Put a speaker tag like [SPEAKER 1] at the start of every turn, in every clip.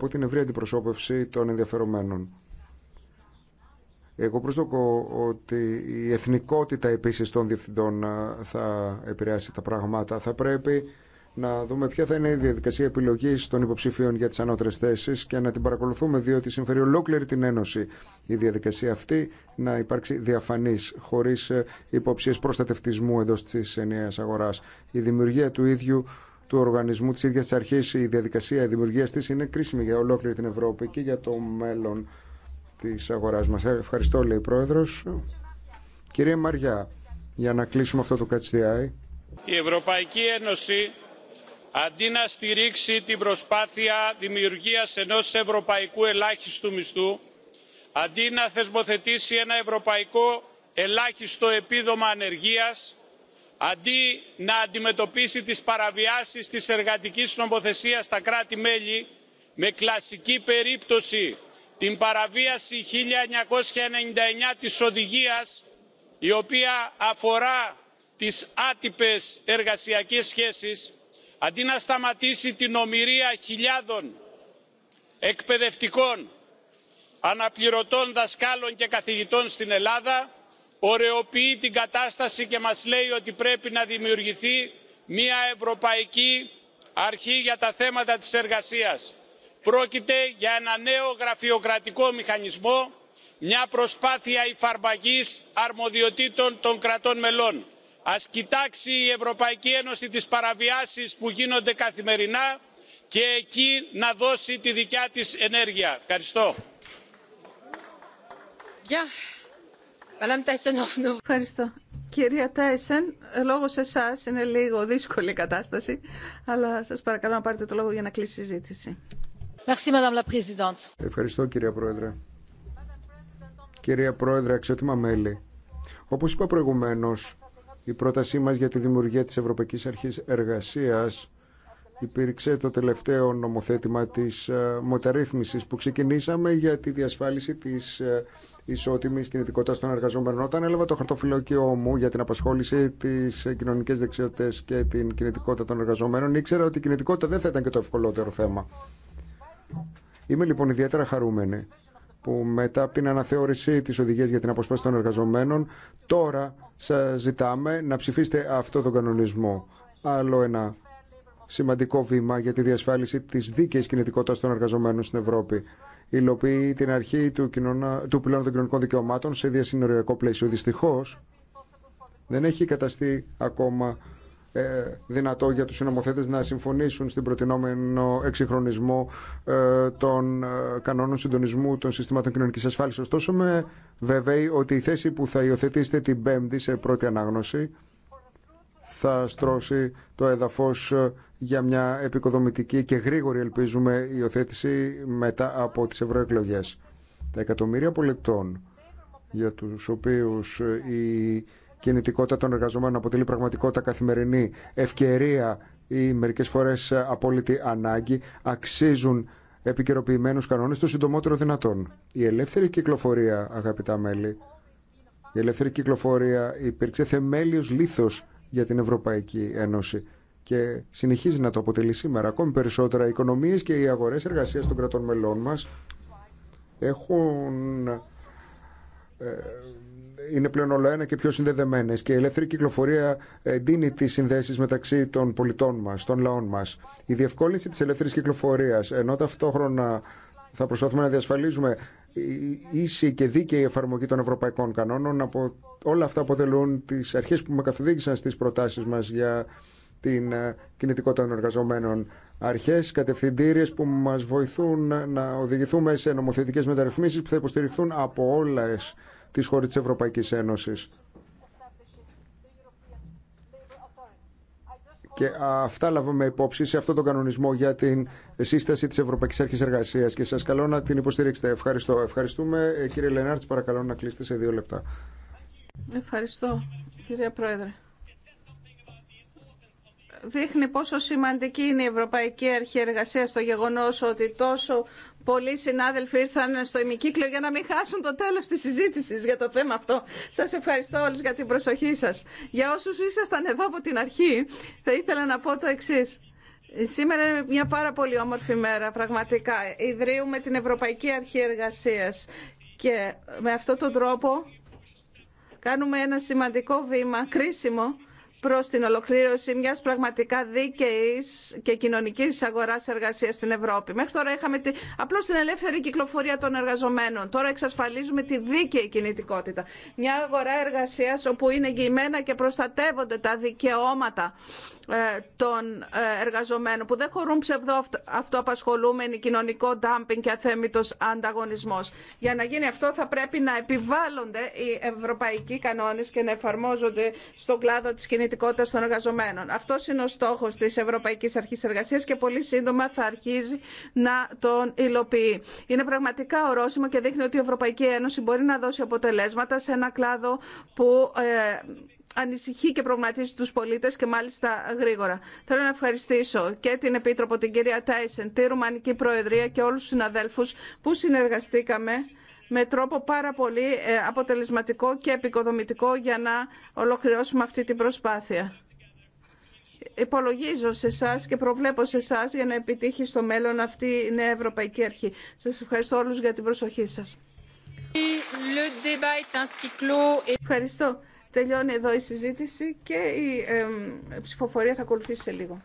[SPEAKER 1] από την ευρία αντιπροσώπευση των ενδιαφερομένων. Εγώ προσδοκώ ότι η εθνικότητα επίσης των διευθυντών ε, θα επηρεάσει τα πράγματα. Θα πρέπει να δούμε ποια θα είναι η διαδικασία επιλογής των υποψηφίων για τις ανώτερες θέσεις και να την παρακολουθούμε διότι συμφέρει ολόκληρη την Ένωση η διαδικασία αυτή να υπάρξει διαφανής χωρίς ε, υποψίες προστατευτισμού εντός της ενιαίας αγοράς. Η δημιουργία του ίδιου του οργανισμού της ίδιας της αρχής η διαδικασία η δημιουργίας της είναι κρίσιμη για ολόκληρη την Ευρώπη και για το μέλλον της αγοράς μας. Ευχαριστώ λέει η Πρόεδρος. Κύριε Μαριά, για να κλείσουμε αυτό το κατσιδιάι.
[SPEAKER 2] Η Ευρωπαϊκή Ένωση αντί να στηρίξει την προσπάθεια δημιουργίας ενός ευρωπαϊκού ελάχιστου μισθού, αντί να θεσμοθετήσει ένα ευρωπαϊκό ελάχιστο επίδομα ανεργίας, αντί να αντιμετωπίσει τις παραβιάσεις της εργατικής νομοθεσίας στα κράτη μέλη με κλασική περίπτωση την παραβίαση 1999 της οδηγίας η οποία αφορά τις άτυπες εργασιακές σχέσεις αντί να σταματήσει την ομοιρία χιλιάδων εκπαιδευτικών αναπληρωτών δασκάλων και καθηγητών στην ελλάδα ωρεοποιεί την κατάσταση και μας λέει ότι πρέπει να δημιουργηθεί μια ευρωπαϊκή αρχή για τα θέματα της εργασίας. πρόκειται για ένα νέο γραφειοκρατικό μηχανισμό μια προσπάθεια υφαρπαγής αρμοδιοτήτων των κρατών μελών. ας κοιτάξει η ευρωπαϊκή ένωση τις παραβιάσεις που γίνονται καθημερινά και εκεί να δώσει τη δικιά της ενέργεια. ευχαριστώ.
[SPEAKER 3] Ευχαριστώ. Κυρία Τάισεν, λόγω σε εσά είναι λίγο δύσκολη η κατάσταση, αλλά σα παρακαλώ να πάρετε το λόγο για να κλείσει η συζήτηση.
[SPEAKER 1] Ευχαριστώ, κυρία Πρόεδρε. Κυρία Πρόεδρε, αξιότιμα μέλη. Όπω είπα προηγουμένω, η πρότασή μα για τη δημιουργία τη Ευρωπαϊκή Αρχή Εργασία υπήρξε το τελευταίο νομοθέτημα της ε, μεταρρύθμισης που ξεκινήσαμε για τη διασφάλιση της ε, ισότιμη κινητικότητα των εργαζομένων. Όταν έλαβα το χαρτοφυλάκιο μου για την απασχόληση, τι ε, κοινωνικέ δεξιότητε και την κινητικότητα των εργαζομένων, ήξερα ότι η κινητικότητα δεν θα ήταν και το ευκολότερο θέμα. Είμαι λοιπόν ιδιαίτερα χαρούμενη που μετά από την αναθεώρηση τη οδηγία για την αποσπάση των εργαζομένων, τώρα σα ζητάμε να ψηφίσετε αυτό τον κανονισμό. Άλλο ένα σημαντικό βήμα για τη διασφάλιση τη δίκαιης κινητικότητας των εργαζομένων στην Ευρώπη. Υλοποιεί την αρχή του, κοινωνα... του πυλώνα των κοινωνικών δικαιωμάτων σε διασυνοριακό πλαίσιο. Δυστυχώ, δεν έχει καταστεί ακόμα ε, δυνατό για τους συνομοθέτες να συμφωνήσουν στην προτινόμενο εξυγχρονισμό ε, των ε, κανόνων συντονισμού των συστημάτων κοινωνικής ασφάλισης. Ωστόσο, με βέβαιη ότι η θέση που θα υιοθετήσετε την Πέμπτη σε πρώτη ανάγνωση θα στρώσει το έδαφος για μια επικοδομητική και γρήγορη ελπίζουμε υιοθέτηση μετά από τις ευρωεκλογέ. Τα εκατομμύρια πολιτών για τους οποίους η κινητικότητα των εργαζομένων αποτελεί πραγματικότητα καθημερινή ευκαιρία ή μερικές φορές απόλυτη ανάγκη αξίζουν επικαιροποιημένους κανόνες το συντομότερο δυνατόν. Η ελεύθερη κυκλοφορία, αγαπητά μέλη, η ελεύθερη κυκλοφορία υπήρξε θεμέλιος λήθος για την Ευρωπαϊκή Ένωση και συνεχίζει να το αποτελεί σήμερα. Ακόμη περισσότερα οι οικονομίες και οι αγορές εργασίας των κρατών μελών μας έχουν, ε, είναι πλέον όλα ένα και πιο συνδεδεμένες και η ελεύθερη κυκλοφορία δίνει ε, τις συνδέσεις μεταξύ των πολιτών μας, των λαών μας. Η διευκόλυνση της ελεύθερης κυκλοφορίας, ενώ ταυτόχρονα θα προσπαθούμε να διασφαλίζουμε ίση και δίκαιη εφαρμογή των ευρωπαϊκών κανόνων. Από, όλα αυτά αποτελούν τις αρχές που με καθοδήγησαν στις προτάσεις μας για την ε, κινητικότητα των εργαζομένων. Αρχές, κατευθυντήριες που μας βοηθούν να οδηγηθούμε σε νομοθετικές μεταρρυθμίσεις που θα υποστηριχθούν από όλες τις χώρες της Ευρωπαϊκής Ένωσης. Και αυτά λάβαμε υπόψη σε αυτόν τον κανονισμό για την σύσταση τη Ευρωπαϊκή Αρχή Εργασία. Και σα καλώ να την υποστηρίξετε. Ευχαριστώ. Ευχαριστούμε. Ε, κύριε Λενάρτ, παρακαλώ να κλείσετε σε δύο λεπτά.
[SPEAKER 3] Ευχαριστώ, κύριε Πρόεδρε. Δείχνει πόσο σημαντική είναι η Ευρωπαϊκή Αρχή Εργασία στο γεγονό ότι τόσο πολλοί συνάδελφοι ήρθαν στο ημικύκλιο για να μην χάσουν το τέλος της συζήτησης για το θέμα αυτό. Σας ευχαριστώ όλους για την προσοχή σας. Για όσους ήσασταν εδώ από την αρχή, θα ήθελα να πω το εξή. Σήμερα είναι μια πάρα πολύ όμορφη μέρα, πραγματικά. Ιδρύουμε την Ευρωπαϊκή Αρχή Εργασίας και με αυτόν τον τρόπο κάνουμε ένα σημαντικό βήμα, κρίσιμο, προς την ολοκλήρωση μιας πραγματικά δίκαιης και κοινωνικής αγοράς εργασίας στην Ευρώπη. Μέχρι τώρα είχαμε τη, απλώς την ελεύθερη κυκλοφορία των εργαζομένων. Τώρα εξασφαλίζουμε τη δίκαιη κινητικότητα. Μια αγορά εργασίας όπου είναι εγγυημένα και προστατεύονται τα δικαιώματα ε, των ε, εργαζομένων που δεν χωρούν ψευδό αυτοαπασχολούμενοι, κοινωνικό ντάμπινγκ και αθέμητος ανταγωνισμός. Για να γίνει αυτό θα πρέπει να επιβάλλονται οι ευρωπαϊκοί κανόνες και να εφαρμόζονται στον κλάδο της κινητικότητας κινητικότητα των εργαζομένων. Αυτό είναι ο στόχο τη Ευρωπαϊκή Αρχή Εργασία και πολύ σύντομα θα αρχίζει να τον υλοποιεί. Είναι πραγματικά ορόσημο και δείχνει ότι η Ευρωπαϊκή Ένωση μπορεί να δώσει αποτελέσματα σε ένα κλάδο που ε, ανησυχεί και προβληματίζει τους πολίτες και μάλιστα γρήγορα. Θέλω να ευχαριστήσω και την Επίτροπο την κυρία Τάισεν, τη Ρουμανική Προεδρία και όλους τους συναδέλφους που συνεργαστήκαμε με τρόπο πάρα πολύ ε, αποτελεσματικό και επικοδομητικό για να ολοκληρώσουμε αυτή την προσπάθεια. Υπολογίζω σε εσά και προβλέπω σε εσά για να επιτύχει στο μέλλον αυτή η νέα Ευρωπαϊκή Αρχή. Σα ευχαριστώ όλου για την προσοχή σα. Ευχαριστώ. Τελειώνει εδώ η συζήτηση και η ε, ψηφοφορία θα ακολουθήσει σε λίγο.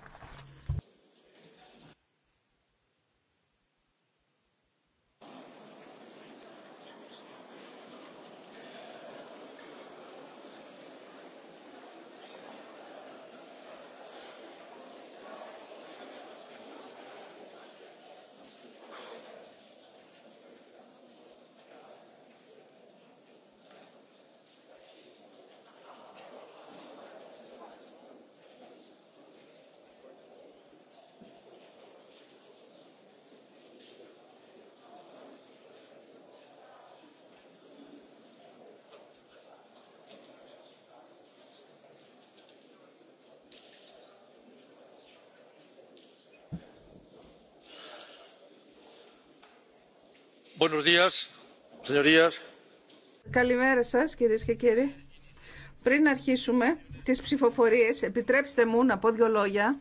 [SPEAKER 3] Καλημέρα σας κυρίες και κύριοι. Πριν αρχίσουμε τις ψηφοφορίες, επιτρέψτε μου να πω δύο λόγια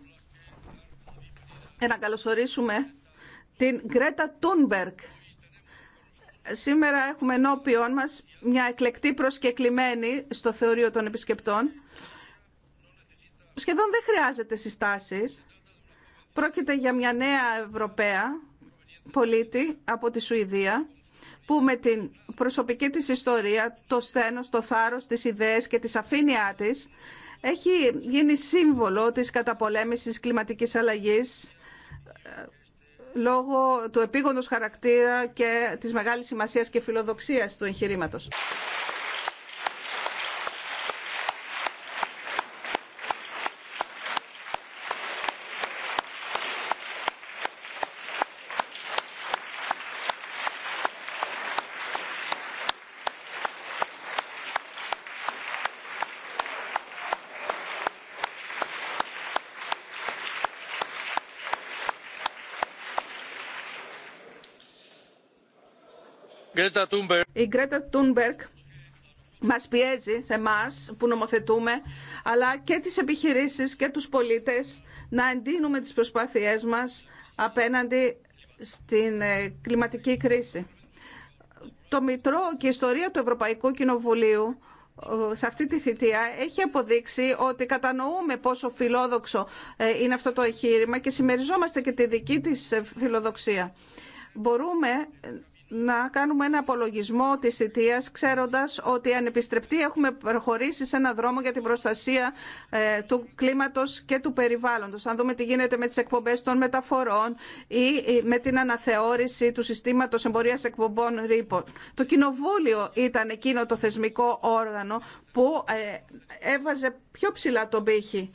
[SPEAKER 3] καλωσορίσουμε την Γκρέτα Τούνμπερκ. Σήμερα έχουμε ενώπιον μας μια εκλεκτή προσκεκλημένη στο θεωρείο των επισκεπτών. Σχεδόν δεν χρειάζεται συστάσεις. Πρόκειται για μια νέα Ευρωπαία πολίτη από τη Σουηδία που με την προσωπική της ιστορία, το σθένος, το θάρρος, τις ιδέες και τη αφήνειά της έχει γίνει σύμβολο της καταπολέμησης κλιματικής αλλαγής ε, λόγω του επίγοντος χαρακτήρα και της μεγάλης σημασίας και φιλοδοξίας του εγχειρήματος. Η Γκρέτα Τούνμπερκ μας πιέζει σε εμά που νομοθετούμε, αλλά και τις επιχειρήσεις και τους πολίτες να εντείνουμε τις προσπάθειές μας απέναντι στην ε, κλιματική κρίση. Το Μητρό και η ιστορία του Ευρωπαϊκού Κοινοβουλίου ε, σε αυτή τη θητεία έχει αποδείξει ότι κατανοούμε πόσο φιλόδοξο ε, είναι αυτό το εγχείρημα και συμμεριζόμαστε και τη δική της φιλοδοξία. Μπορούμε να κάνουμε ένα απολογισμό τη θητεία, ξέροντας ότι ανεπιστρεπτή έχουμε προχωρήσει σε ένα δρόμο για την προστασία ε, του κλίματος και του περιβάλλοντος. Αν δούμε τι γίνεται με τις εκπομπές των μεταφορών ή με την αναθεώρηση του συστήματος εμπορίας εκπομπών ρήπων. Το Κοινοβούλιο ήταν εκείνο το θεσμικό όργανο που ε, έβαζε πιο ψηλά τον πύχη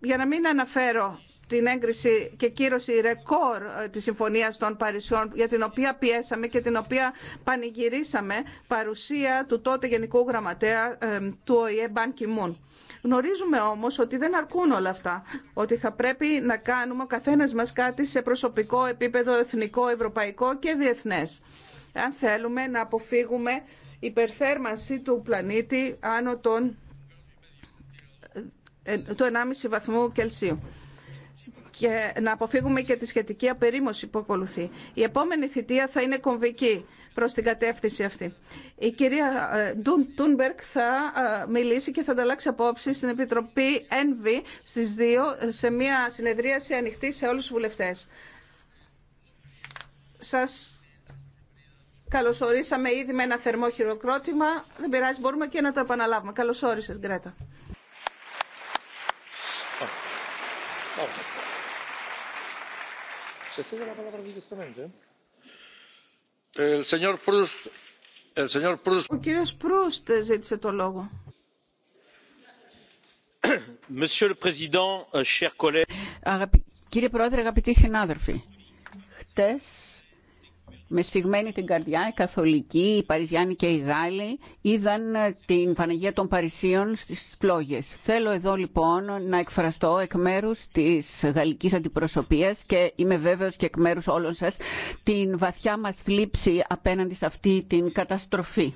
[SPEAKER 3] για να μην αναφέρω την έγκριση και κύρωση ρεκόρ ε, της Συμφωνίας των Παρισιών για την οποία πιέσαμε και την οποία πανηγυρίσαμε παρουσία του τότε Γενικού Γραμματέα ε, του ΟΗΕ Μπαν Κιμούν. Γνωρίζουμε όμως ότι δεν αρκούν όλα αυτά, ότι θα πρέπει να κάνουμε ο καθένας μας κάτι σε προσωπικό επίπεδο, εθνικό, ευρωπαϊκό και διεθνές. Αν θέλουμε να αποφύγουμε υπερθέρμανση του πλανήτη άνω των, ε, το 1,5 βαθμού Κελσίου και να αποφύγουμε και τη σχετική απερίμωση που ακολουθεί. Η επόμενη θητεία θα είναι κομβική προς την κατεύθυνση αυτή. Η κυρία ε, Τούνμπερκ θα ε, μιλήσει και θα ανταλλάξει απόψη στην Επιτροπή NV στις 2 ε, σε μια συνεδρίαση ανοιχτή σε όλους τους βουλευτές. Σας καλωσορίσαμε ήδη με ένα θερμό χειροκρότημα. Δεν πειράζει, μπορούμε και να το επαναλάβουμε. Καλώς όρισες, Γκρέτα.
[SPEAKER 4] Oh. Oh. Ε, ε,
[SPEAKER 3] Ο
[SPEAKER 5] κύριος Προύστ ζήτησε το λόγο. Euh, κύριε Πρόεδρε, αγαπητοί συνάδελφοι, χτες με σφιγμένη την καρδιά, οι Καθολικοί, οι Παριζιάνοι και οι Γάλλοι είδαν ε, την Παναγία των Παρισίων στις πλόγες. Θέλω εδώ λοιπόν να εκφραστώ εκ μέρους της γαλλικής αντιπροσωπείας και είμαι βέβαιος και εκ μέρους όλων σας την βαθιά μας θλίψη απέναντι σε αυτή την καταστροφή.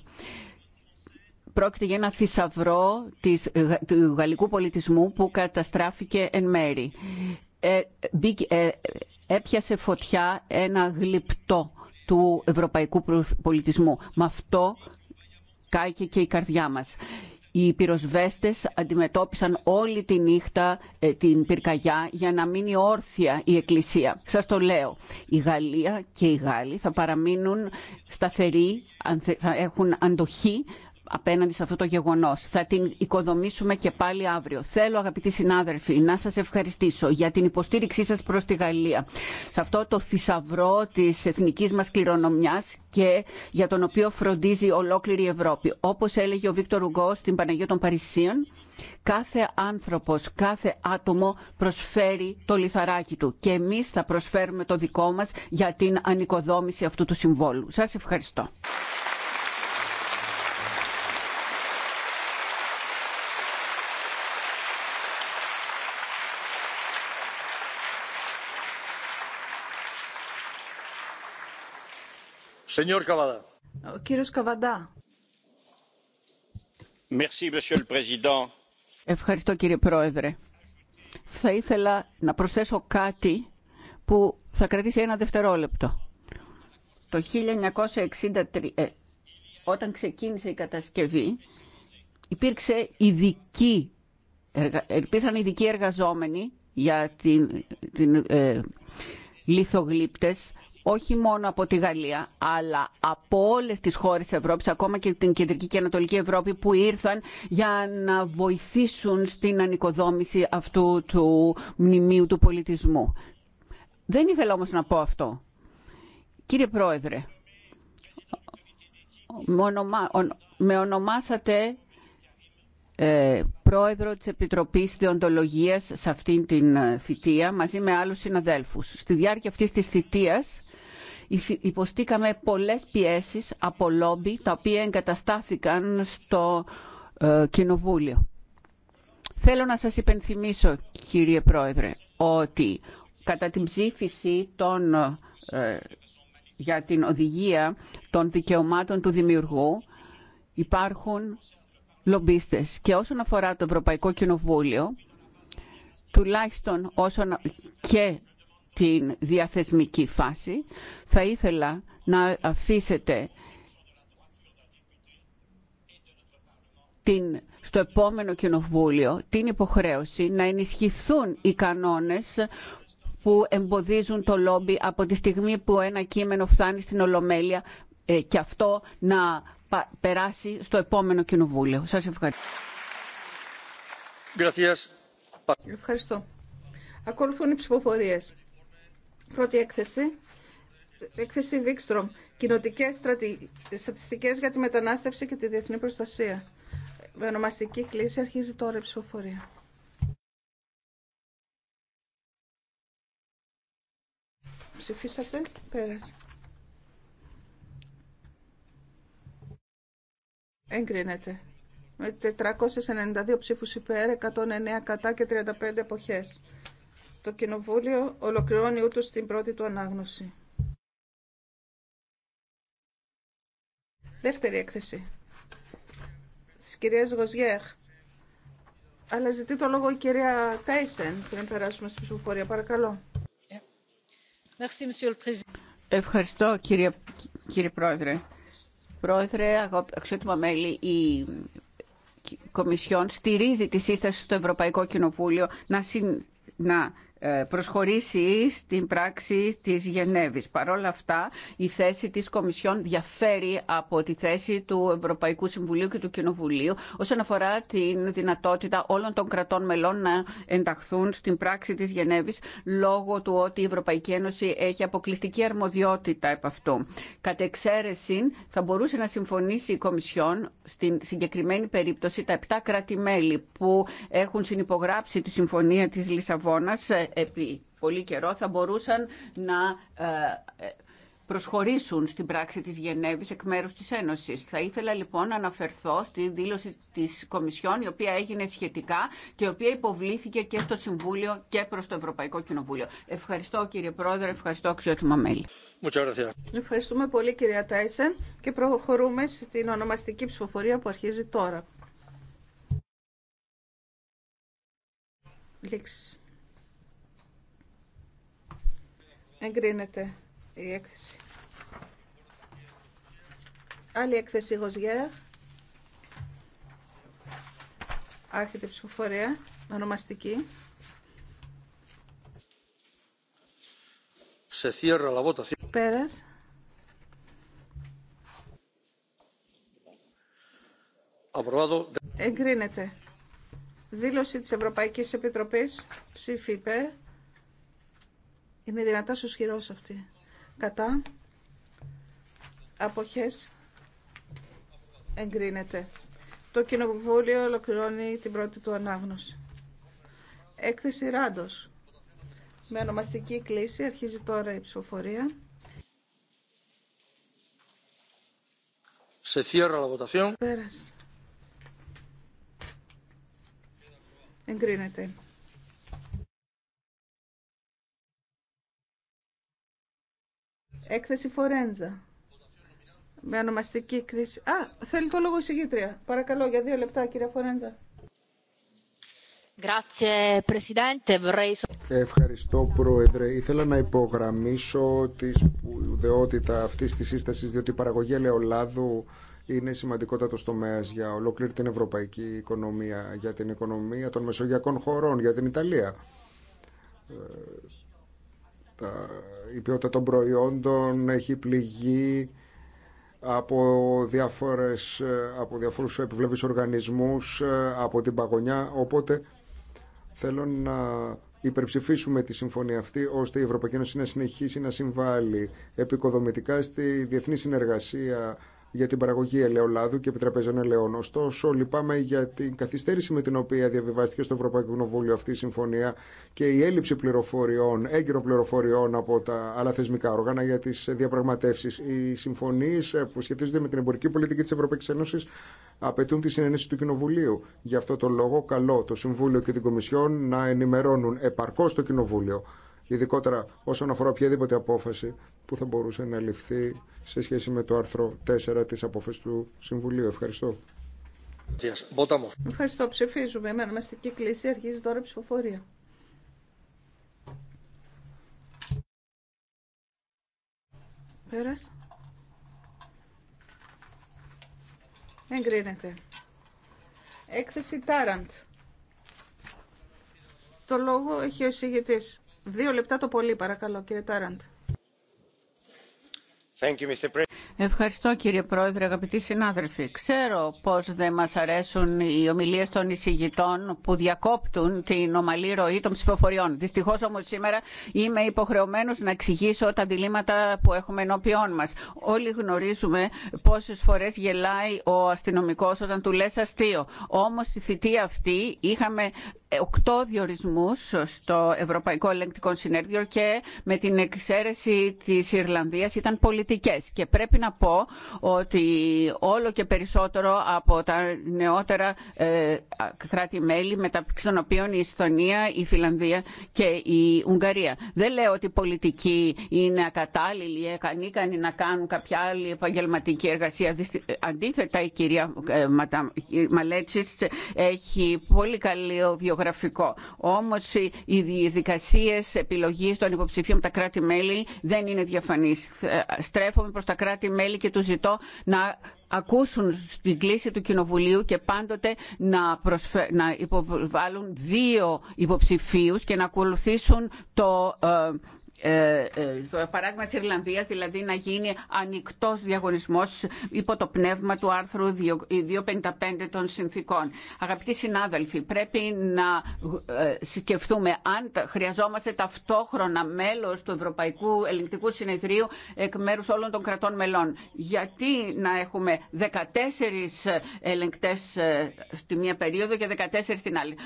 [SPEAKER 5] Πρόκειται για ένα θησαυρό της, του γαλλικού πολιτισμού που καταστράφηκε εν μέρη. Ε, ε, έπιασε φωτιά ένα γλυπτό του ευρωπαϊκού πολιτισμού. Με αυτό κάηκε και η καρδιά μας. Οι πυροσβέστες αντιμετώπισαν όλη τη νύχτα ε, την πυρκαγιά για να μείνει όρθια η Εκκλησία. Σας το λέω, η Γαλλία και οι Γάλλοι θα παραμείνουν σταθεροί, θα έχουν αντοχή απέναντι σε αυτό το γεγονός. Θα την οικοδομήσουμε και πάλι αύριο. Θέλω αγαπητοί συνάδελφοι να σας ευχαριστήσω για την υποστήριξή σας προς τη Γαλλία. Σε αυτό το θησαυρό της εθνικής μας κληρονομιάς και για τον οποίο φροντίζει ολόκληρη η Ευρώπη. Όπως έλεγε ο Βίκτορ Ουγκό στην Παναγία των Παρισίων, κάθε άνθρωπος, κάθε άτομο προσφέρει το λιθαράκι του και εμείς θα προσφέρουμε το δικό μας για την ανοικοδόμηση αυτού του συμβόλου. Σας ευχαριστώ. Καβαντά. Ευχαριστώ κύριε Πρόεδρε. Θα ήθελα να προσθέσω κάτι που θα κρατήσει ένα δευτερόλεπτο. Το 1963, ε, όταν ξεκίνησε η κατασκευή, υπήρξε ειδική, υπήρχαν ειδικοί εργαζόμενοι για την, την ε, λιθογλύπτες όχι μόνο από τη Γαλλία, αλλά από όλες τις χώρες της Ευρώπης, ακόμα και την Κεντρική και Ανατολική Ευρώπη, που ήρθαν για να βοηθήσουν στην ανοικοδόμηση αυτού του μνημείου του πολιτισμού. Δεν ήθελα όμως να πω αυτό. Κύριε Πρόεδρε, με ονομάσατε ε, πρόεδρο της Επιτροπής Διοντολογίας σε αυτήν την ε, θητεία μαζί με άλλους συναδέλφους. Στη διάρκεια αυτής της θητείας Υποστήκαμε πολλές πιέσεις από λόμπι τα οποία εγκαταστάθηκαν στο ε, Κοινοβούλιο. Θέλω να σας υπενθυμίσω, κύριε Πρόεδρε, ότι κατά την ψήφιση των, ε, για την οδηγία των δικαιωμάτων του δημιουργού υπάρχουν λομπίστες. Και όσον αφορά το Ευρωπαϊκό Κοινοβούλιο, τουλάχιστον όσον και την διαθεσμική φάση. Θα ήθελα να αφήσετε την, στο επόμενο κοινοβούλιο την υποχρέωση να ενισχυθούν οι κανόνες που εμποδίζουν το λόμπι από τη στιγμή που ένα κείμενο φτάνει στην Ολομέλεια ε, και αυτό να περάσει στο επόμενο κοινοβούλιο. Σας ευχαριστώ.
[SPEAKER 3] Ευχαριστώ. Ακολουθούν οι ψηφοφορίες. Πρώτη έκθεση. Έκθεση Βίξτρομ. Κοινοτικέ στρατι... στατιστικέ για τη μετανάστευση και τη διεθνή προστασία. Με ονομαστική κλίση αρχίζει τώρα η ψηφοφορία. Ψηφίσατε. Πέρασε. Εγκρίνεται. Με 492 ψήφους υπέρ, 109 κατά και 35 εποχές. Το Κοινοβούλιο ολοκληρώνει ούτω την πρώτη του ανάγνωση. Δεύτερη έκθεση Τη κυρία Γοζιέχ. Αλλά ζητεί το λόγο η κυρία Τέισεν πριν περάσουμε στην ψηφοφορία. Παρακαλώ.
[SPEAKER 5] Ευχαριστώ κύριε, κύριε Πρόεδρε. Πρόεδρε, αξιότιμα μέλη, η Κομισιόν στηρίζει τη σύσταση στο Ευρωπαϊκό Κοινοβούλιο να, συν, να ε, προσχωρήσει στην πράξη της Γενέβης. Παρ' όλα αυτά, η θέση της Κομισιόν διαφέρει από τη θέση του Ευρωπαϊκού Συμβουλίου και του Κοινοβουλίου όσον αφορά την δυνατότητα όλων των κρατών μελών να ενταχθούν στην πράξη της Γενέβης λόγω του ότι η Ευρωπαϊκή Ένωση έχει αποκλειστική αρμοδιότητα επ' αυτού. Κατ' εξαίρεση, θα μπορούσε να συμφωνήσει η Κομισιόν στην συγκεκριμένη περίπτωση τα επτά κράτη-μέλη που έχουν συνυπογράψει τη Συμφωνία της Λισαβόνας ε, επί πολύ καιρό θα μπορούσαν να ε, προσχωρήσουν στην πράξη της Γενέβης εκ μέρους της Ένωσης. Θα ήθελα λοιπόν να αναφερθώ στη δήλωση της Κομισιόν η οποία έγινε σχετικά και η οποία υποβλήθηκε και στο Συμβούλιο και προς το Ευρωπαϊκό Κοινοβούλιο. Ευχαριστώ κύριε Πρόεδρε, ευχαριστώ αξιότιμα μέλη.
[SPEAKER 3] Ευχαριστούμε πολύ κυρία Τάισεν και προχωρούμε στην ονομαστική ψηφοφορία που αρχίζει τώρα. Εγκρίνεται η έκθεση. Άλλη έκθεση Γοζιέρ. Άρχεται η ψηφοφορία, ονομαστική.
[SPEAKER 4] Σε Πέρας.
[SPEAKER 3] Εγκρίνεται. Δήλωση της Ευρωπαϊκής Επιτροπής. Ψήφι είναι δυνατά σου χειρός αυτή. Κατά. Αποχές. Εγκρίνεται. Το κοινοβούλιο ολοκληρώνει την πρώτη του ανάγνωση. Έκθεση Ράντος. Με ονομαστική κλίση αρχίζει τώρα η ψηφοφορία.
[SPEAKER 4] Σε la
[SPEAKER 3] Εγκρίνεται. Έκθεση Φορέντζα. Με ονομαστική κρίση. Α, θέλει το λόγο η συγγήτρια. Παρακαλώ για δύο λεπτά, κύριε Φορέντζα.
[SPEAKER 1] Ευχαριστώ, Πρόεδρε. Ήθελα να υπογραμμίσω τη σπουδαιότητα αυτή τη σύσταση, διότι η παραγωγή ελαιολάδου είναι σημαντικότατο τομέα για ολόκληρη την ευρωπαϊκή οικονομία, για την οικονομία των μεσογειακών χωρών, για την Ιταλία ε, η ποιότητα των προϊόντων έχει πληγεί από, διάφορες, ε, από διάφορους επιβλεβείς οργανισμούς, ε, από την παγωνιά. Οπότε θέλω να υπερψηφίσουμε τη συμφωνία αυτή, ώστε η Ευρωπαϊκή Ένωση να συνεχίσει να συμβάλλει επικοδομητικά στη διεθνή συνεργασία για την παραγωγή ελαιολάδου και επιτραπεζών ελαιών. Ωστόσο, λυπάμαι για την καθυστέρηση με την οποία διαβιβάστηκε στο Ευρωπαϊκό Κοινοβούλιο αυτή η συμφωνία και η έλλειψη πληροφοριών, έγκυρων πληροφοριών από τα άλλα θεσμικά όργανα για τι διαπραγματεύσει. Οι συμφωνίε που σχετίζονται με την εμπορική πολιτική τη Ευρωπαϊκή Ένωση απαιτούν τη συνένεση του Κοινοβουλίου. Γι' αυτό το λόγο, καλό το Συμβούλιο και την Κομισιόν να ενημερώνουν επαρκώ το Κοινοβούλιο ειδικότερα όσον αφορά οποιαδήποτε απόφαση που θα μπορούσε να ληφθεί σε σχέση με το άρθρο 4 της απόφασης του Συμβουλίου. Ευχαριστώ.
[SPEAKER 3] Ευχαριστώ. Ψηφίζουμε. Με στην κλίση αρχίζει τώρα η ψηφοφορία. Πέρας. Εγκρίνεται. Έκθεση Τάραντ. Το λόγο έχει ο εισηγητής. Δύο λεπτά το πολύ, παρακαλώ, κύριε Τάραντ.
[SPEAKER 5] Ευχαριστώ κύριε Πρόεδρε, αγαπητοί συνάδελφοι. Ξέρω πως δεν μας αρέσουν οι ομιλίες των εισηγητών που διακόπτουν την ομαλή ροή των ψηφοφοριών. Δυστυχώς όμως σήμερα είμαι υποχρεωμένος να εξηγήσω τα διλήμματα που έχουμε ενώπιόν μας. Όλοι γνωρίζουμε πόσες φορές γελάει ο αστυνομικός όταν του λες αστείο. Όμως στη θητεία αυτή είχαμε οκτώ διορισμούς στο Ευρωπαϊκό Ελεγκτικό Συνέδριο και με την εξαίρεση τη Ιρλανδίας ήταν πολιτικές. Και πρέπει να πω ότι όλο και περισσότερο από τα νεότερα ε, κράτη-μέλη μεταξύ των οποίων η Ιστονία, η Φιλανδία και η Ουγγαρία. Δεν λέω ότι οι πολιτικοί είναι ακατάλληλοι ή ανίκανοι να κάνουν κάποια άλλη επαγγελματική εργασία. Αντίθετα η κυρία ε, έχει πολύ καλή βιογραφία γραφικό. Όμως οι διαδικασίε επιλογής των υποψηφίων τα κράτη-μέλη δεν είναι διαφανεί. Στρέφομαι προς τα κράτη-μέλη και του ζητώ να ακούσουν την κλίση του Κοινοβουλίου και πάντοτε να, να υποβάλουν δύο υποψηφίους και να ακολουθήσουν το ε, ε, ε, το παράδειγμα της Ιρλανδίας δηλαδή να γίνει ανοιχτός διαγωνισμός υπό το πνεύμα του άρθρου 255 ε, των συνθήκων. Αγαπητοί συνάδελφοι, πρέπει να σκεφτούμε αν χρειαζόμαστε ταυτόχρονα μέλος του Ευρωπαϊκού Ελληνικού Συνεδρίου εκ μέρους όλων των κρατών μελών. Γιατί να έχουμε 14 ελεγκτές στη μία περίοδο και 14 στην άλλη.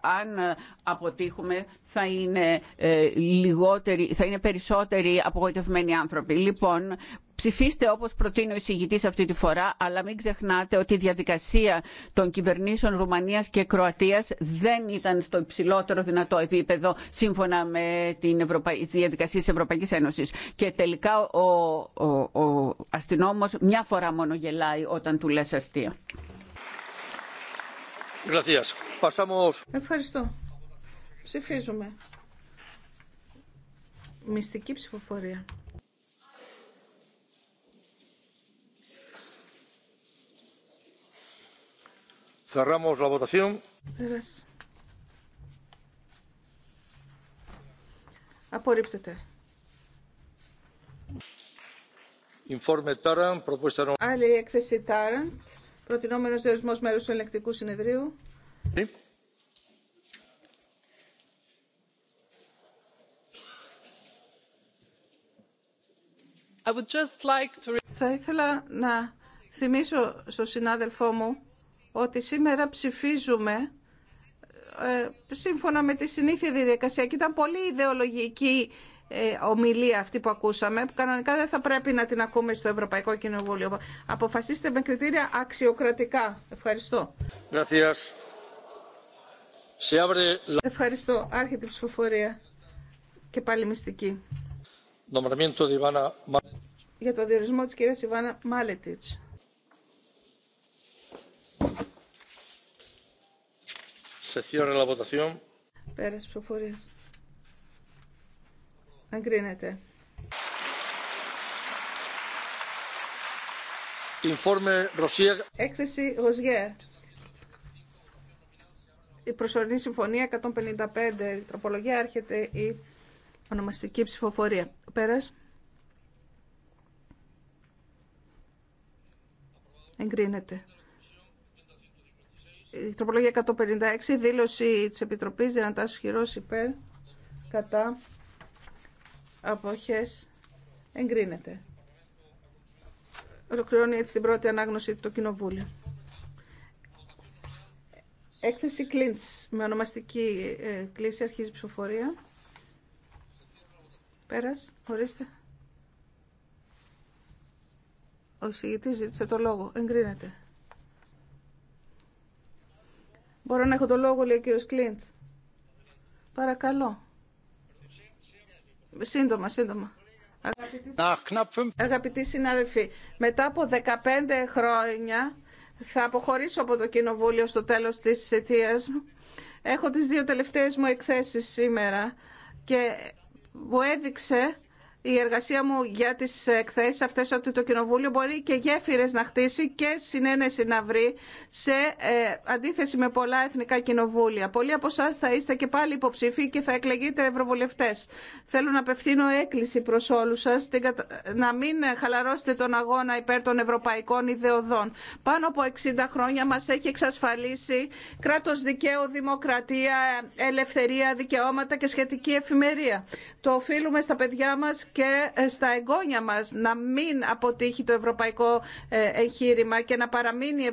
[SPEAKER 5] Αν, αποτύχουμε θα είναι λιγότεροι, θα είναι περισσότεροι απογοητευμένοι άνθρωποι. Λοιπόν, ψηφίστε όπως προτείνει ο εισηγητής αυτή τη φορά, αλλά μην ξεχνάτε ότι η διαδικασία των κυβερνήσεων Ρουμανίας και Κροατίας δεν ήταν στο υψηλότερο δυνατό επίπεδο σύμφωνα με την τη διαδικασία της Ευρωπαϊκής Ένωσης. Και τελικά ο, ο, ο αστυνόμος μια φορά μόνο γελάει όταν του λες αστεία. Ευχαριστώ.
[SPEAKER 3] Ψηφίζουμε. Μυστική ψηφοφορία.
[SPEAKER 4] Cerramos la votación.
[SPEAKER 3] Απορρίπτεται.
[SPEAKER 4] Informe Tarant, propuesta...
[SPEAKER 3] Άλλη έκθεση Τάραντ, προτινόμενος διορισμός μέρους του ελεκτικού συνεδρίου. Sí. Θα ήθελα να θυμίσω στον συνάδελφό μου ότι σήμερα ψηφίζουμε ε, σύμφωνα με τη συνήθεια διαδικασία και ήταν πολύ ιδεολογική ε, ομιλία αυτή που ακούσαμε, που κανονικά δεν θα πρέπει να την ακούμε στο Ευρωπαϊκό Κοινοβούλιο. Αποφασίστε με κριτήρια αξιοκρατικά. Ευχαριστώ. Ευχαριστώ. Άρχεται η ψηφοφορία. Και πάλι μυστική για το διορισμό της κυρίας Ιβάνα Μάλετιτς.
[SPEAKER 4] Σε ψηφοφορία.
[SPEAKER 3] Πέρας Αγκρίνεται. Έκθεση Ροζιέ. Η προσωρινή συμφωνία 155. Η τροπολογία έρχεται η ονομαστική ψηφοφορία. Πέρας. Εγκρίνεται. Η τροπολογία 156, δήλωση της Επιτροπής Δυνατάς Χειρός υπέρ, κατά, αποχές, εγκρίνεται. Ολοκληρώνει έτσι την πρώτη ανάγνωση του Κοινοβούλιο. Έκθεση κλίντς με ονομαστική ε, κλίση αρχίζει ψηφοφορία. Πέρας, ορίστε. Ο εισηγητής ζήτησε το λόγο. Εγκρίνεται. Μπορώ να έχω το λόγο, λέει ο κύριος Κλίντς. Παρακαλώ. Σύντομα, σύντομα. Αγαπητοί συνάδελφοι, μετά από 15 χρόνια θα αποχωρήσω από το Κοινοβούλιο στο τέλος της αιτία μου. Έχω τις δύο τελευταίες μου εκθέσεις σήμερα και μου έδειξε η εργασία μου για τι εκθέσει αυτέ ότι το Κοινοβούλιο μπορεί και γέφυρε να χτίσει και συνένεση να βρει σε ε, αντίθεση με πολλά εθνικά κοινοβούλια. Πολλοί από εσά θα είστε και πάλι υποψήφοι και θα εκλεγείτε ευρωβουλευτές. Θέλω να απευθύνω έκκληση προς όλους σας να μην χαλαρώσετε τον αγώνα υπέρ των ευρωπαϊκών ιδεοδών. Πάνω από 60 χρόνια μα έχει εξασφαλίσει κράτος δικαίου, δημοκρατία, ελευθερία, δικαιώματα και σχετική εφημερία. Το οφείλουμε στα παιδιά μα και ε, στα εγγόνια μας να μην αποτύχει το ευρωπαϊκό ε, εγχείρημα και να παραμείνει ε, η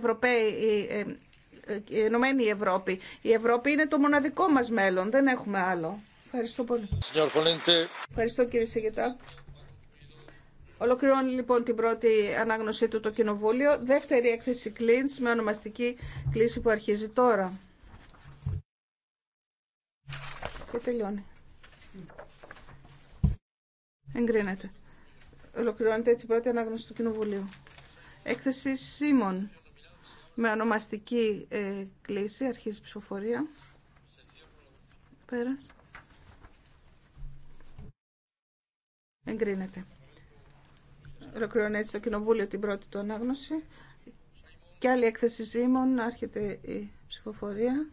[SPEAKER 3] η Ευρώπη. Η Ευρώπη είναι το μοναδικό μας μέλλον, δεν έχουμε άλλο. Ευχαριστώ πολύ. Ευχαριστώ κύριε Σεγετά. Ολοκληρώνει λοιπόν την πρώτη ανάγνωσή του το Κοινοβούλιο. Δεύτερη έκθεση κλίντς με ονομαστική κλίση που αρχίζει τώρα. Και τελειώνει. Εγκρίνεται. Ολοκληρώνεται έτσι η πρώτη ανάγνωση του Κοινοβουλίου. Έκθεση Σίμων με ονομαστική ε, κλίση, αρχίζει η ψηφοφορία. Πέρας. Εγκρίνεται. Ολοκληρώνεται έτσι το Κοινοβούλιο την πρώτη του ανάγνωση. Και άλλη έκθεση Σίμων, άρχεται η ψηφοφορία.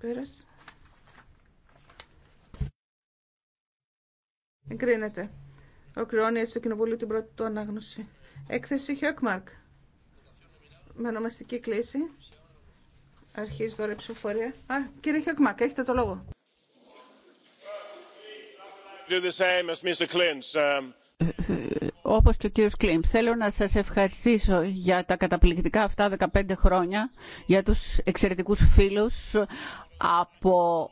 [SPEAKER 3] Πέρας. Εγκρίνεται. Ολοκληρώνει έτσι το Κοινοβούλιο την πρώτη του ανάγνωση. Έκθεση Χιόκμαρκ. Με ονομαστική κλίση. Αρχίζει τώρα η ψηφοφορία. Α, κύριε Χιόκμαρκ, έχετε το λόγο.
[SPEAKER 2] Um,
[SPEAKER 5] ε, όπως και ο κύριος Κλίμπ, θέλω να σας ευχαριστήσω για τα καταπληκτικά αυτά 15 χρόνια, για τους εξαιρετικούς φίλους από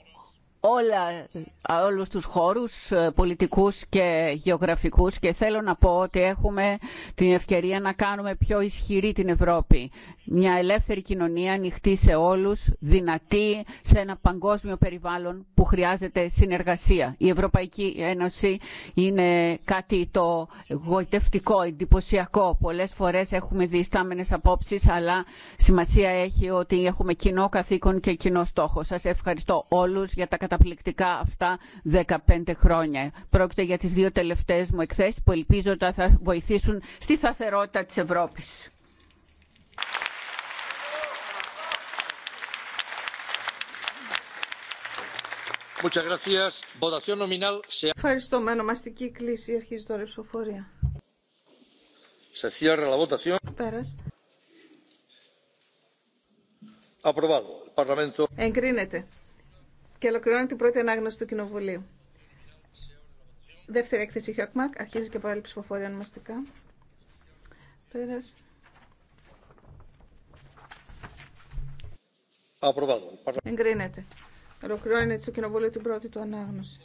[SPEAKER 5] όλους τους χώρους ε, πολιτικούς και γεωγραφικούς και θέλω να πω ότι έχουμε την ευκαιρία να κάνουμε πιο ισχυρή την Ευρώπη, μια ελεύθερη κοινωνία ανοιχτή σε όλους, δυνατή σε ένα παγκόσμιο περιβάλλον που χρειάζεται συνεργασία. Η Ευρωπαϊκή Ένωση είναι κάτι το γοητευτικό, εντυπωσιακό. Πολλές φορές έχουμε διστάμενες απόψεις, αλλά σημασία έχει ότι έχουμε κοινό καθήκον και κοινό στόχο. Σας ευχαριστώ όλους για τα καταπληκτικά αυτά 15 χρόνια. Πρόκειται για τις δύο τελευταίες μου εκθέσεις που ελπίζω θα βοηθήσουν στη σταθερότητα της Ευρώπης.
[SPEAKER 3] Ευχαριστώ. Με ονομαστική κλίση αρχίζει τώρα η ψηφοφορία.
[SPEAKER 4] Πέρα. cierra la votación. Aprobado.
[SPEAKER 3] Εγκρίνεται. Και ολοκληρώνει την πρώτη ανάγνωση του Κοινοβουλίου. Δεύτερη έκθεση Χιόκμακ. Αρχίζει και πάλι η ψηφοφορία ονομαστικά. Πέρας. Aprobado. Εγκρίνεται. Ολοκληρώνει έτσι το Κοινοβούλιο την πρώτη του ανάγνωση.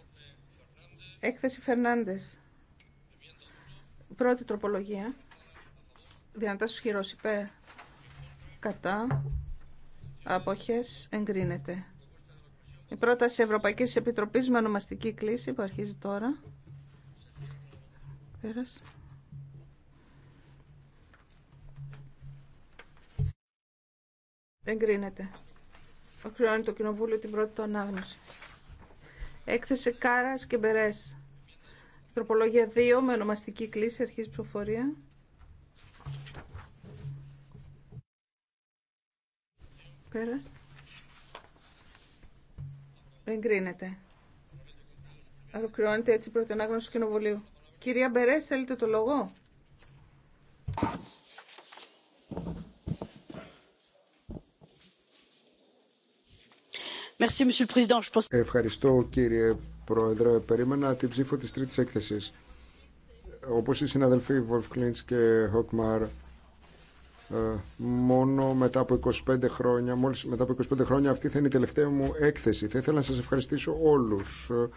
[SPEAKER 3] Έκθεση Φερνάντε. Πρώτη τροπολογία. Δυνατά σου χειρό Κατά. Αποχές εγκρίνεται. Η πρόταση Ευρωπαϊκή Επιτροπή με ονομαστική κλίση που αρχίζει τώρα. Πέρασε. Εγκρίνεται ακριώνει το Κοινοβούλιο την πρώτη του ανάγνωση. Έκθεση κάρα και μπερέ. Τροπολόγια 2 με ονομαστική κλίση αρχή ψηφοφορία. Πέρα. Εγκρίνεται. Ολοκληρώνεται έτσι η πρώτη ανάγνωση του Κοινοβουλίου. Κυρία Μπερέ, θέλετε το λόγο.
[SPEAKER 1] Ευχαριστώ κύριε Πρόεδρε. Περίμενα την ψήφο της τρίτης έκθεσης. Όπως οι συναδελφοί Βολφ Κλίντς και Χοκμαρ, ε, μόνο μετά από 25 χρόνια, μόλις μετά από 25 χρόνια αυτή θα είναι η τελευταία μου έκθεση. Θα ήθελα να σας ευχαριστήσω όλους ε,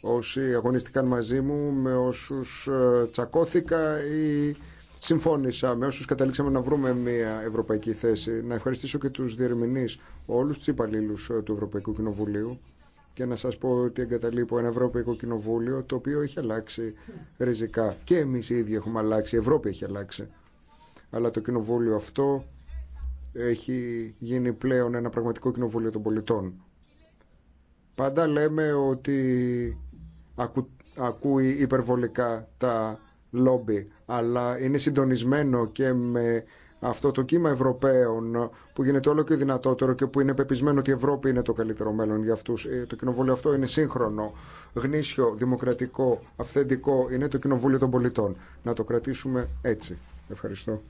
[SPEAKER 1] όσοι αγωνίστηκαν μαζί μου, με όσους ε, τσακώθηκα ή συμφώνησα με όσους καταλήξαμε να βρούμε μια ευρωπαϊκή θέση. Να ευχαριστήσω και τους διερμηνείς, όλους του υπαλλήλου ε, του Ευρωπαϊκού Κοινοβουλίου και να σας πω ότι εγκαταλείπω ένα Ευρωπαϊκό Κοινοβούλιο το οποίο έχει αλλάξει ριζικά. Και εμείς οι ίδιοι έχουμε αλλάξει, η Ευρώπη έχει αλλάξει. Αλλά το Κοινοβούλιο αυτό έχει γίνει πλέον ένα πραγματικό Κοινοβούλιο των πολιτών. Πάντα λέμε ότι ακούει υπερβολικά τα λόμπι, αλλά είναι συντονισμένο και με αυτό το κύμα Ευρωπαίων που γίνεται όλο και δυνατότερο και που είναι πεπισμένο ότι η Ευρώπη είναι το καλύτερο μέλλον για αυτούς. Ε, το κοινοβούλιο αυτό είναι σύγχρονο, γνήσιο, δημοκρατικό, αυθεντικό. Είναι το κοινοβούλιο των πολιτών. Να το κρατήσουμε έτσι. Ευχαριστώ.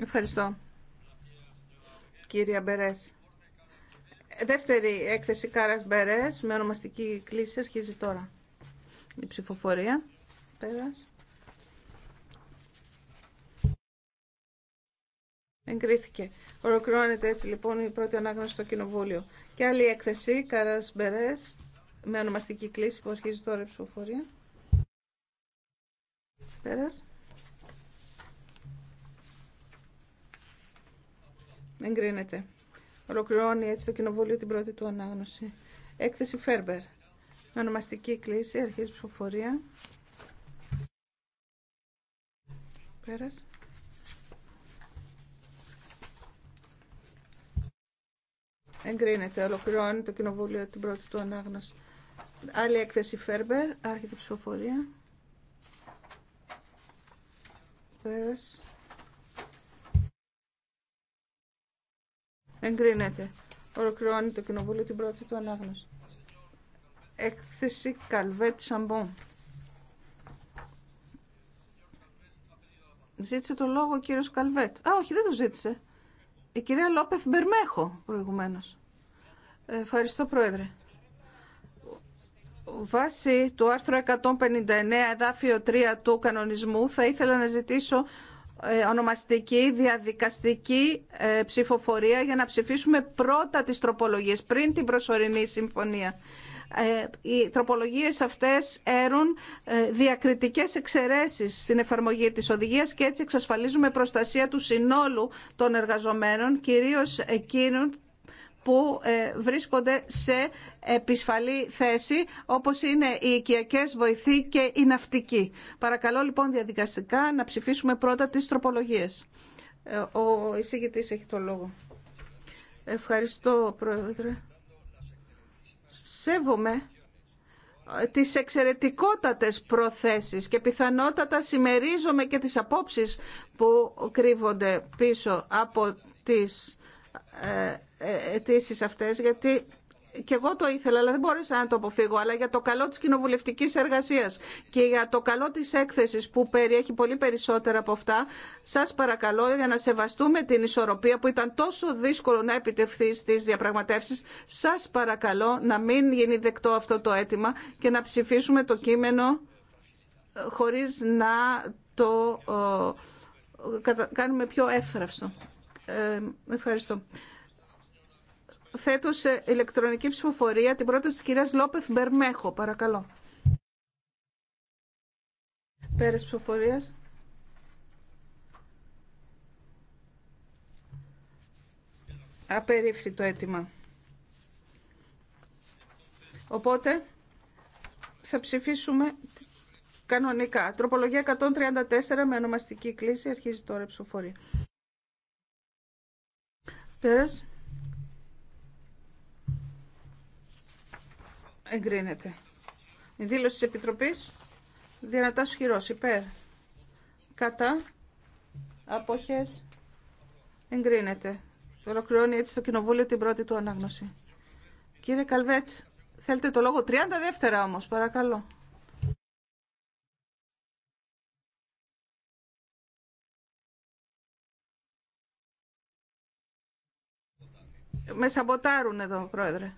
[SPEAKER 3] Ευχαριστώ. Κύριε Μπερές. Δεύτερη έκθεση Κάρας Μπερές με ονομαστική κλίση αρχίζει τώρα. Η ψηφοφορία. Πέρας. Εγκρίθηκε. Ολοκληρώνεται έτσι λοιπόν η πρώτη ανάγνωση στο Κοινοβούλιο. Και άλλη έκθεση, Κάρας Μπερές, με ονομαστική κλίση που αρχίζει τώρα η ψηφοφορία. Πέρας. Εγκρίνεται. Ολοκληρώνει έτσι το Κοινοβούλιο την πρώτη του ανάγνωση. Έκθεση Φέρμπερ. Με ονομαστική κλίση, η ψηφοφορία. Πέρας. Εγκρίνεται, ολοκληρώνει το Κοινοβούλιο την πρώτη του ανάγνωση. Άλλη έκθεση Φέρμπερ, άρχεται ψηφοφορία. Πέρας. Εγκρίνεται. Ολοκληρώνει το Κοινοβούλιο την πρώτη του ανάγνωση. Έκθεση Καλβέτ Σαμπόν. Ζήτησε το λόγο ο κύριος Καλβέτ. Α, όχι, δεν το ζήτησε. Η κυρία Λόπεθ Μπερμέχο προηγουμένως. Ευχαριστώ, Πρόεδρε. Βάσει του άρθρου 159 εδάφιο 3 του κανονισμού θα ήθελα να ζητήσω ε, ονομαστική διαδικαστική ε, ψηφοφορία για να ψηφίσουμε πρώτα τις τροπολογίες πριν την προσωρινή συμφωνία. Ε, οι τροπολογίες αυτές έρουν διακριτικές εξαιρέσεις στην εφαρμογή της οδηγίας και έτσι εξασφαλίζουμε προστασία του συνόλου των εργαζομένων, κυρίως εκείνων που ε, βρίσκονται σε επισφαλή θέση, όπως είναι οι οικιακές βοηθοί και η ναυτική. Παρακαλώ λοιπόν διαδικαστικά να ψηφίσουμε πρώτα τις τροπολογίες. Ε, ο εισηγητής έχει το λόγο. Ευχαριστώ, Πρόεδρε. Σέβομαι ε, τις εξαιρετικότατες προθέσεις και πιθανότατα συμμερίζομαι και τις απόψεις που κρύβονται πίσω από τις ε, ε, αιτήσει αυτές, γιατί και εγώ το ήθελα, αλλά δεν μπόρεσα να το αποφύγω, αλλά για το καλό της κοινοβουλευτική εργασίας και για το καλό της έκθεσης που περιέχει πολύ περισσότερα από αυτά, σας παρακαλώ για να σεβαστούμε την ισορροπία που ήταν τόσο δύσκολο να επιτευχθεί στις διαπραγματεύσεις, σας παρακαλώ να μην γίνει δεκτό αυτό το αίτημα και να ψηφίσουμε το κείμενο ε, χωρίς να το κάνουμε πιο εύθραυστο. Ε, ευχαριστώ. Θέτω σε ηλεκτρονική ψηφοφορία την πρόταση της κυρίας Λόπεθ Μπερμέχο. Παρακαλώ. Πέρας ψηφοφορίας. Απερίφθη το αίτημα. Οπότε θα ψηφίσουμε κανονικά. Τροπολογία 134 με ονομαστική κλίση αρχίζει τώρα η ψηφοφορία. Πέρας. Εγκρίνεται. Η δήλωση της Επιτροπής Δυνατά χειρός υπέρ. Κατά. Αποχές. Εγκρίνεται. Ολοκληρώνει έτσι το Κοινοβούλιο την πρώτη του ανάγνωση. Κύριε Καλβέτ, θέλετε το λόγο. Τριάντα δεύτερα όμως, παρακαλώ. Με σαμποτάρουν εδώ, Πρόεδρε.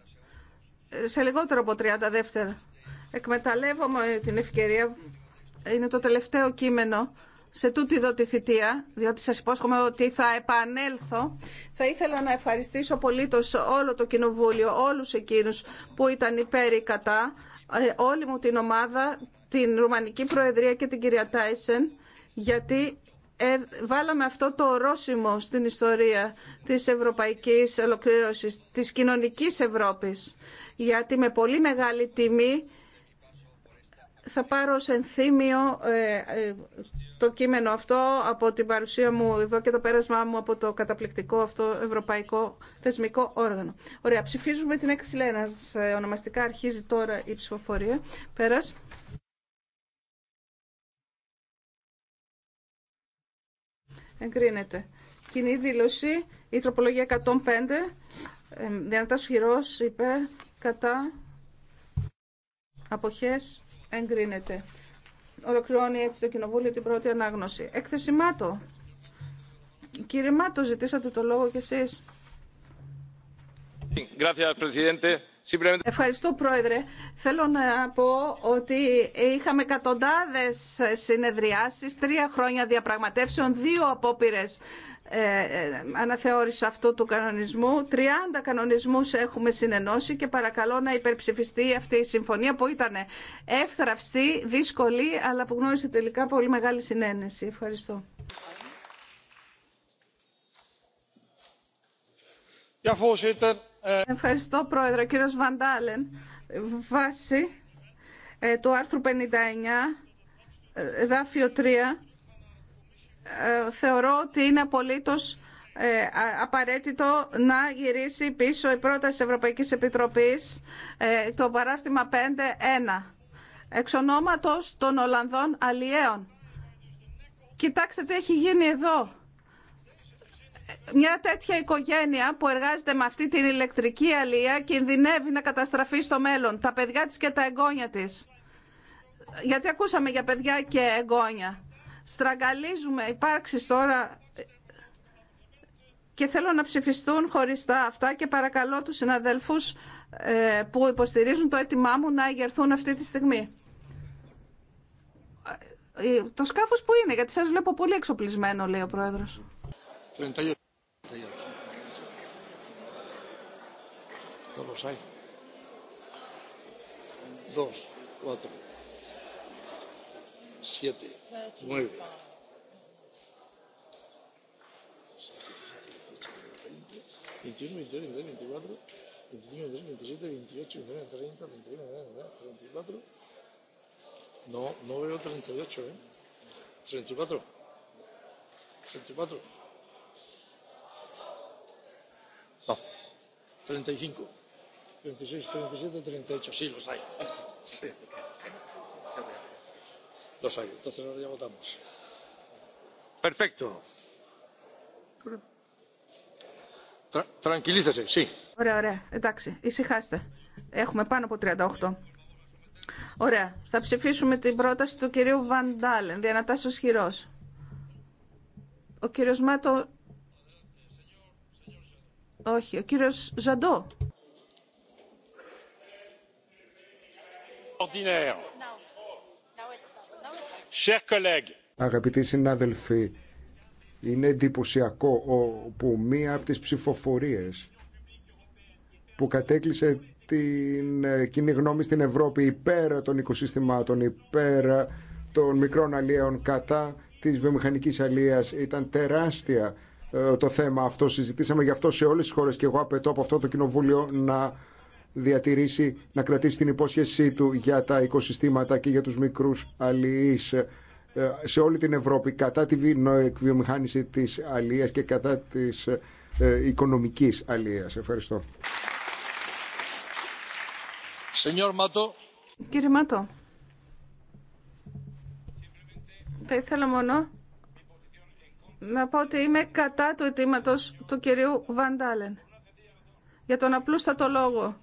[SPEAKER 3] Σε λιγότερο από 30 δεύτερα. Εκμεταλλεύομαι την ευκαιρία. Είναι το τελευταίο κείμενο σε τούτη εδώ τη θητεία, διότι σας υπόσχομαι ότι θα επανέλθω. Θα ήθελα να ευχαριστήσω πολύτος όλο το Κοινοβούλιο, όλους εκείνους που ήταν υπέρ ή κατά, ε, όλη μου την ομάδα, την Ρουμανική Προεδρία και την κυρία Τάισεν, γιατί ε, βάλαμε αυτό το ορόσημο στην ιστορία της ευρωπαϊκής ολοκληρωση, της κοινωνικής Ευρώπης, γιατί με πολύ μεγάλη τιμή θα πάρω ως ενθύμιο ε, ε, το κείμενο αυτό από την παρουσία μου εδώ και το πέρασμά μου από το καταπληκτικό αυτό ευρωπαϊκό θεσμικό όργανο. Ωραία, ψηφίζουμε την έκθεση Λένας. Ονομαστικά αρχίζει τώρα η ψηφοφορία. Πέρας. Εγκρίνεται. Κοινή δήλωση, η τροπολογία 105, δυνατά χειρός, υπέρ, κατά, αποχές, εγκρίνεται. Ολοκληρώνει έτσι το Κοινοβούλιο την πρώτη ανάγνωση. Έκθεση Μάτο. Κύριε Μάτο, ζητήσατε το λόγο κι εσείς.
[SPEAKER 4] Gracias, presidente.
[SPEAKER 3] Ευχαριστώ Πρόεδρε. Θέλω να πω ότι είχαμε εκατοντάδες συνεδριάσεις, τρία χρόνια διαπραγματεύσεων, δύο απόπειρες ε, ε, αναθεώρηση αυτού του κανονισμού. 30 κανονισμούς έχουμε συνενώσει και παρακαλώ να υπερψηφιστεί αυτή η συμφωνία που ήταν εύθραυστη, δύσκολη, αλλά που γνώρισε τελικά πολύ μεγάλη συνένεση. Ευχαριστώ. Ευχαριστώ, Πρόεδρε. Κύριος Βαντάλεν, βάση ε, του άρθρου 59, δάφιο 3, θεωρώ ότι είναι απολύτως ε, απαραίτητο να γυρίσει πίσω η πρόταση Ευρωπαϊκής Επιτροπής ε, το παράρτημα 5.1 εξ ονόματος των Ολλανδών αλλιέων. Κοιτάξτε τι έχει γίνει εδώ μια τέτοια οικογένεια που εργάζεται με αυτή την ηλεκτρική αλία κινδυνεύει να καταστραφεί στο μέλλον τα παιδιά της και τα εγγόνια της. Γιατί ακούσαμε για παιδιά και εγγόνια. Στραγγαλίζουμε υπάρξεις τώρα και θέλω να ψηφιστούν χωριστά αυτά και παρακαλώ τους συναδέλφους ε, που υποστηρίζουν το αίτημά μου να αγερθούν αυτή τη στιγμή. Ε, το σκάφος που είναι, γιατί σας βλέπω πολύ εξοπλισμένο, λέει ο Πρόεδρος.
[SPEAKER 4] hay? dos cuatro siete nueve veintiuno veintidós veintitrés veinticuatro veinticinco veintiséis veintisiete veintiocho veintinueve treinta treinta y treinta y cuatro no no veo treinta y ocho eh treinta y cuatro treinta y cuatro treinta y cinco 36, 37, 38. Sí, los hay. Sí. Los hay. Entonces ahora ya votamos. Perfecto. Τρα, Tranquilízase, sí.
[SPEAKER 3] Ωραία, ωραία. Εντάξει, ησυχάστε. Έχουμε πάνω από 38. Ωραία. Θα ψηφίσουμε την πρόταση του κυρίου Βαντάλεν, διανατάσσεως χειρό. Ο κύριος Μάτο... Όχι, ο κύριος Ζαντό.
[SPEAKER 1] Αγαπητοί συνάδελφοι, είναι εντυπωσιακό που μία από τις ψηφοφορίες που κατέκλυσε την ε, κοινή γνώμη στην Ευρώπη υπέρ των οικοσύστηματων, υπέρ των μικρών αλλιέων κατά της βιομηχανικής αλλίας ήταν τεράστια ε, το θέμα αυτό. Συζητήσαμε γι' αυτό σε όλες τις χώρες και εγώ απαιτώ από αυτό το κοινοβούλιο να διατηρήσει, να κρατήσει την υπόσχεσή του για τα οικοσυστήματα και για τους μικρούς αλληλείς ε, σε όλη την Ευρώπη κατά τη βιομηχάνηση της αλληλείας και κατά της ε, ε, οικονομικής αλληλείας. Ευχαριστώ.
[SPEAKER 4] Κύριε
[SPEAKER 3] Μάτο, θα ήθελα μόνο να πω ότι είμαι κατά του αιτήματο του κυρίου Βαντάλεν για τον απλούστατο λόγο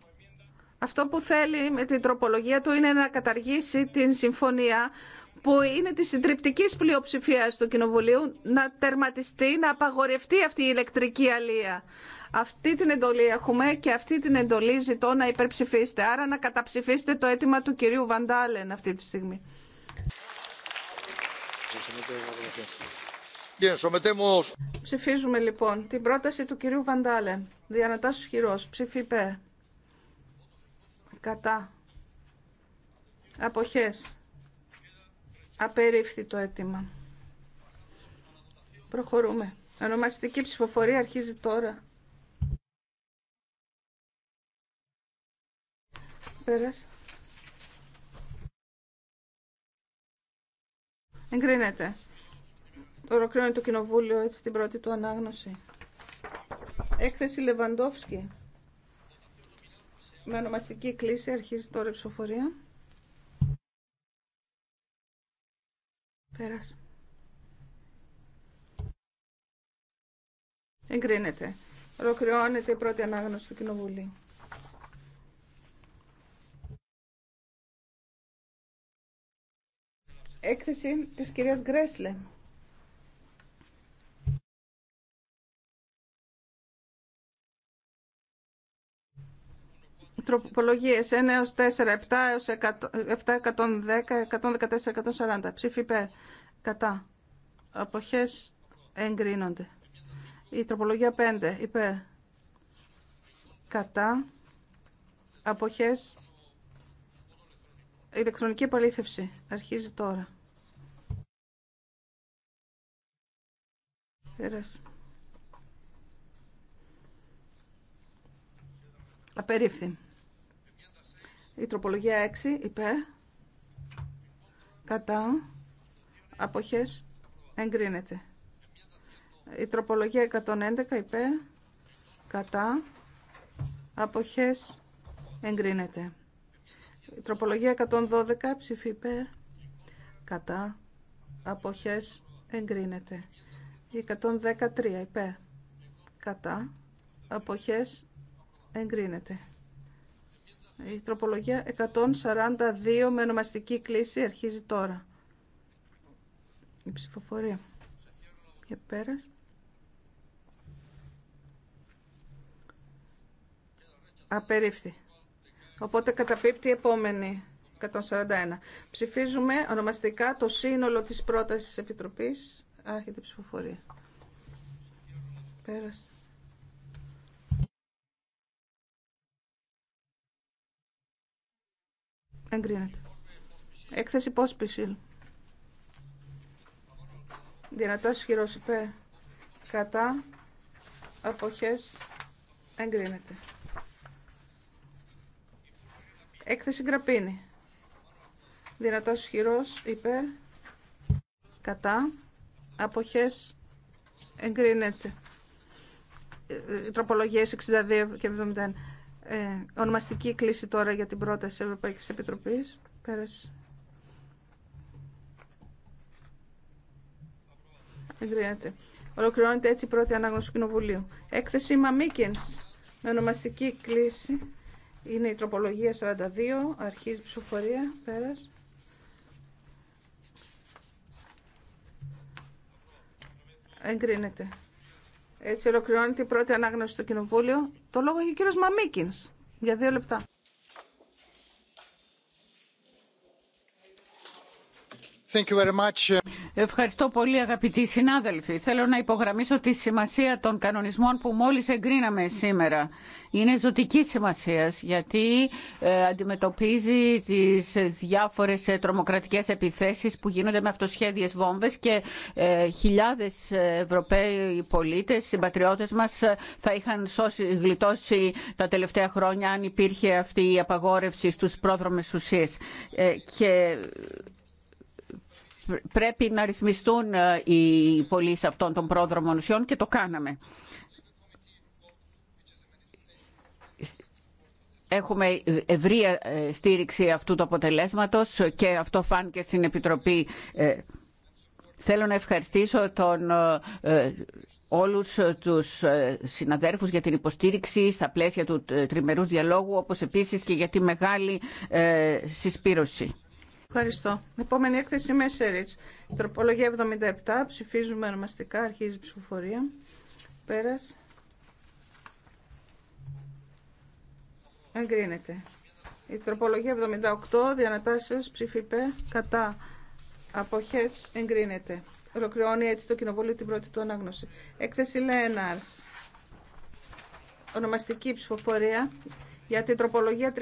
[SPEAKER 3] αυτό που θέλει με την τροπολογία του είναι να καταργήσει την συμφωνία που είναι τη συντριπτική πλειοψηφία του Κοινοβουλίου να τερματιστεί, να απαγορευτεί αυτή η ηλεκτρική αλεία. Αυτή την εντολή έχουμε και αυτή την εντολή ζητώ να υπερψηφίσετε. Άρα να καταψηφίσετε το αίτημα του κυρίου Βαντάλεν αυτή τη στιγμή. Ψηφίζουμε λοιπόν την πρόταση του κυρίου Βαντάλεν. Διανατάσσου χειρός. Ψήφι κατά αποχές απερίφθη το αίτημα προχωρούμε ονομαστική ψηφοφορία αρχίζει τώρα πέρας εγκρίνεται ολοκληρώνει το κοινοβούλιο έτσι την πρώτη του ανάγνωση έκθεση Λεβαντόφσκι με ονομαστική κλίση αρχίζει τώρα η ψηφοφορία. Πέρασε. Εγκρίνεται. Ολοκληρώνεται η πρώτη ανάγνωση του Κοινοβουλίου. Έκθεση της κυρίας Γκρέσλε. Τροπολογίε 1 έω 4, 7 εω 7, 110, 114, 140. Ψήφι υπέρ. Κατά. Αποχέ εγκρίνονται. Η τροπολογία 5 υπέρ. Κατά. Αποχέ. ηλεκτρονική επαλήθευση. Αρχίζει τώρα. Πέρασε. Απερίφθη. Η τροπολογία 6 υπέρ. Κατά. Αποχές εγκρίνεται. Η τροπολογία 111 υπέρ. Κατά. Αποχές εγκρίνεται. Η τροπολογία 112 ψηφί υπέρ. Κατά. Αποχές εγκρίνεται. Η 113 υπέρ. Κατά. Αποχές εγκρίνεται. Η τροπολογία 142 με ονομαστική κλίση αρχίζει τώρα. Η ψηφοφορία. Για πέρας. Απερίφθη. Οπότε καταπίπτει η επόμενη 141. Ψηφίζουμε ονομαστικά το σύνολο της πρότασης της Επιτροπής. Άρχεται η ψηφοφορία. Πέρας. Εγκρίνεται. Έκθεση πόσπισιλ. Δυνατός ισχυρός υπέρ. Κατά. Αποχές. Εγκρίνεται. Έκθεση γραπίνη. Δυνατός ισχυρός υπέρ. Κατά. Αποχές. Εγκρίνεται. Ε, ε, τροπολογίες 62 και 71. Ε, ονομαστική κλίση τώρα για την πρόταση της Ευρωπαϊκής Επιτροπής. Πέρασε. Ολοκληρώνεται έτσι η πρώτη ανάγνωση του Κοινοβουλίου. Έκθεση Μαμίκενς με ονομαστική κλίση. Είναι η τροπολογία 42. Αρχίζει η ψηφοφορία. Πέρας. Εγκρίνεται. Έτσι ολοκληρώνεται η πρώτη ανάγνωση του Κοινοβούλιο. Το λόγο έχει ο κύριος Μαμίκινς για δύο λεπτά.
[SPEAKER 5] Ευχαριστώ πολύ αγαπητοί συνάδελφοι. Θέλω να υπογραμμίσω τη σημασία των κανονισμών που μόλις εγκρίναμε σήμερα. Είναι ζωτική σημασία γιατί ε, αντιμετωπίζει τις διάφορες ε, τρομοκρατικές επιθέσεις που γίνονται με αυτοσχέδιες βόμβες και ε, χιλιάδες Ευρωπαίοι πολίτες, συμπατριώτες μας θα είχαν σώσει, γλιτώσει τα τελευταία χρόνια αν υπήρχε αυτή η απαγόρευση στους πρόδρομες ουσίες. και πρέπει να ρυθμιστούν ε, οι πωλήσει αυτών των πρόδρομων ουσιών και το κάναμε. Έχουμε ευρία ε, στήριξη αυτού του αποτελέσματος και αυτό φάνηκε στην Επιτροπή. Ε, θέλω να ευχαριστήσω τον όλους τους συναδέρφους για την υποστήριξη στα πλαίσια του τριμερούς διαλόγου, όπως επίσης και για τη μεγάλη συσπήρωση.
[SPEAKER 3] Ευχαριστώ. Επόμενη έκθεση Η Τροπολογία 77. Ψηφίζουμε ονομαστικά. Αρχίζει η ψηφοφορία. Πέρας. Εγκρίνεται. Η τροπολογία 78. Διανατάσεως ψηφίπε. Κατά. Αποχές. Εγκρίνεται. Ολοκληρώνει έτσι το κοινοβούλιο την πρώτη του ανάγνωση. Έκθεση Λέναρς. Ονομαστική ψηφοφορία για την τροπολογία 326.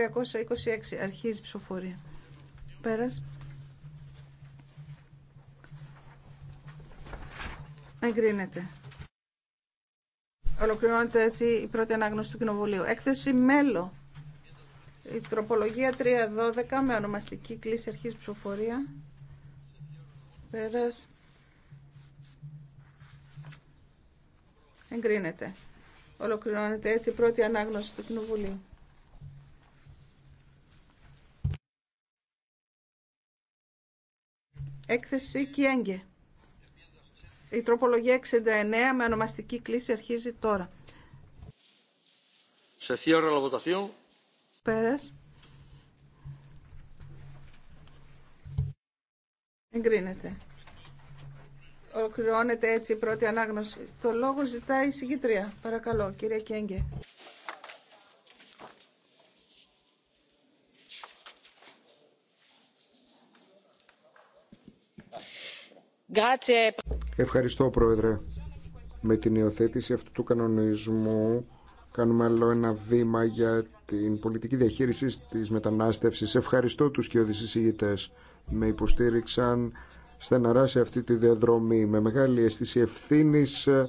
[SPEAKER 3] Αρχίζει η ψηφοφορία. Εγκρίνεται. Ολοκληρώνεται έτσι η πρώτη ανάγνωση του Κοινοβουλίου. Έκθεση μέλο. Η τροπολογία 312 με ονομαστική κλίση αρχής ψηφοφορία. Εγκρίνεται. Ολοκληρώνεται έτσι η πρώτη ανάγνωση του Κοινοβουλίου. Έκθεση Κιέγγε. Η τροπολογία 69 με ονομαστική κλίση αρχίζει τώρα.
[SPEAKER 4] Σε la
[SPEAKER 3] Πέρας. Εγκρίνεται. Ολοκληρώνεται έτσι η πρώτη ανάγνωση. Το λόγο ζητάει η συγκήτρια. Παρακαλώ, κύριε Κιέγγε.
[SPEAKER 1] Ευχαριστώ, Πρόεδρε. Με την υιοθέτηση αυτού του κανονισμού κάνουμε άλλο ένα βήμα για την πολιτική διαχείριση της μετανάστευσης. Ευχαριστώ τους και ηγητές. Με υποστήριξαν στεναρά σε αυτή τη διαδρομή. Με μεγάλη αίσθηση ευθύνη ε,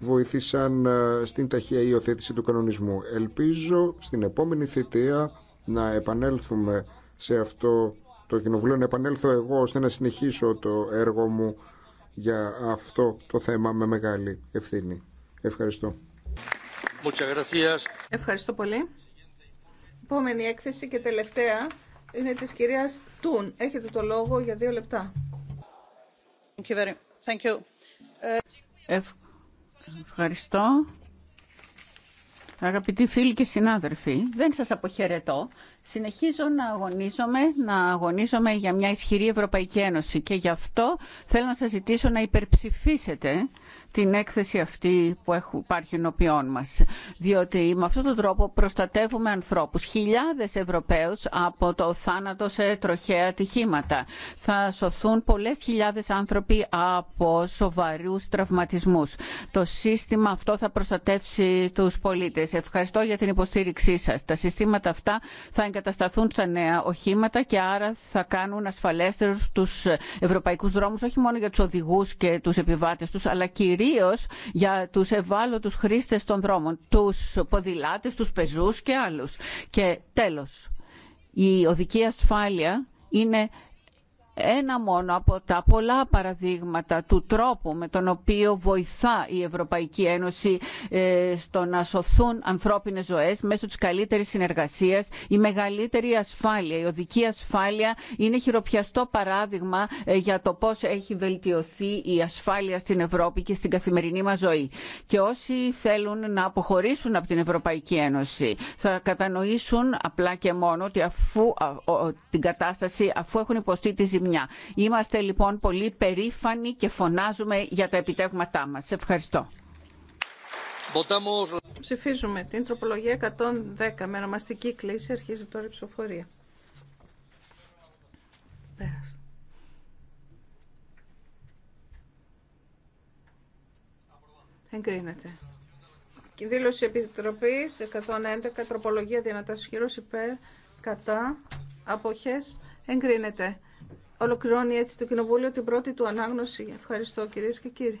[SPEAKER 1] βοηθήσαν ε, στην ταχεία υιοθέτηση του κανονισμού. Ελπίζω στην επόμενη θητεία να επανέλθουμε σε αυτό το Κοινοβουλίο να επανέλθω εγώ ώστε να συνεχίσω το έργο μου για αυτό το θέμα με μεγάλη ευθύνη. Ευχαριστώ.
[SPEAKER 3] Ευχαριστώ πολύ. Επόμενη έκθεση και τελευταία είναι της κυρίας Τούν. Έχετε το λόγο για δύο λεπτά.
[SPEAKER 5] Ε, ευχαριστώ. Αγαπητοί φίλοι και συνάδελφοι, δεν σας αποχαιρετώ. Συνεχίζω να αγωνίζομαι, να αγωνίζομαι για μια ισχυρή Ευρωπαϊκή Ένωση και γι' αυτό θέλω να σας ζητήσω να υπερψηφίσετε την έκθεση αυτή που έχουν, υπάρχει ενώπιόν μας. Διότι με αυτόν τον τρόπο προστατεύουμε ανθρώπους, χιλιάδες Ευρωπαίους από το θάνατο σε τροχαία ατυχήματα. Θα σωθούν πολλές χιλιάδες άνθρωποι από σοβαρούς τραυματισμούς. Το σύστημα αυτό θα προστατεύσει τους πολίτες. Ευχαριστώ για την υποστήριξή σας. Τα συστήματα αυτά θα εγκατασταθούν στα νέα οχήματα και άρα θα κάνουν ασφαλέστερους τους ευρωπαϊκού δρόμους όχι μόνο για τους οδηγούς και τους επιβάτες τους αλλά κυρίως κυρίως για τους ευάλωτους χρήστες των δρόμων, τους ποδηλάτες, τους πεζούς και άλλους. Και τέλος, η οδική ασφάλεια είναι ένα μόνο από τα πολλά παραδείγματα του τρόπου με τον οποίο βοηθά η Ευρωπαϊκή Ένωση ε, στο να σωθούν ανθρώπινες ζωές μέσω της καλύτερης συνεργασίας, η μεγαλύτερη ασφάλεια, η οδική ασφάλεια είναι χειροπιαστό παράδειγμα ε, για το πώς έχει βελτιωθεί η ασφάλεια στην Ευρώπη και στην καθημερινή μας ζωή. Και όσοι θέλουν να αποχωρήσουν από την Ευρωπαϊκή Ένωση θα κατανοήσουν απλά και μόνο ότι αφού, την κατάσταση αφού έχουν υποστεί τη ζημιά ζημιά. Είμαστε λοιπόν πολύ περήφανοι και φωνάζουμε για τα επιτεύγματά μας. Ευχαριστώ.
[SPEAKER 3] Ψηφίζουμε την τροπολογία 110 με ονομαστική κλίση. Αρχίζει τώρα η ψηφοφορία. Πέρασε. Εγκρίνεται. δήλωση Επιτροπής 111, τροπολογία δυνατά χειρός υπέρ, κατά, αποχές, εγκρίνεται. Ολοκληρώνει έτσι το Κοινοβούλιο την πρώτη του ανάγνωση. Ευχαριστώ κυρίες και κύριοι.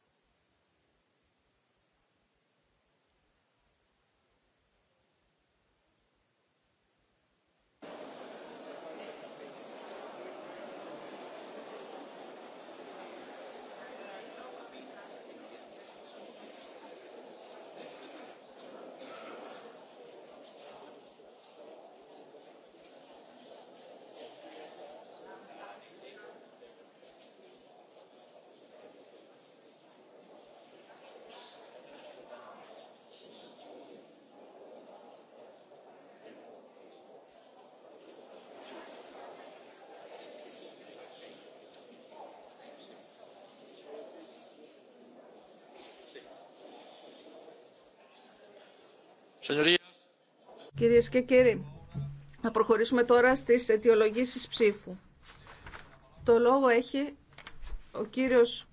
[SPEAKER 3] Κυρίες και κύριοι, να προχωρήσουμε τώρα στις αιτιολογήσεις ψήφου. Το λόγο έχει ο κύριος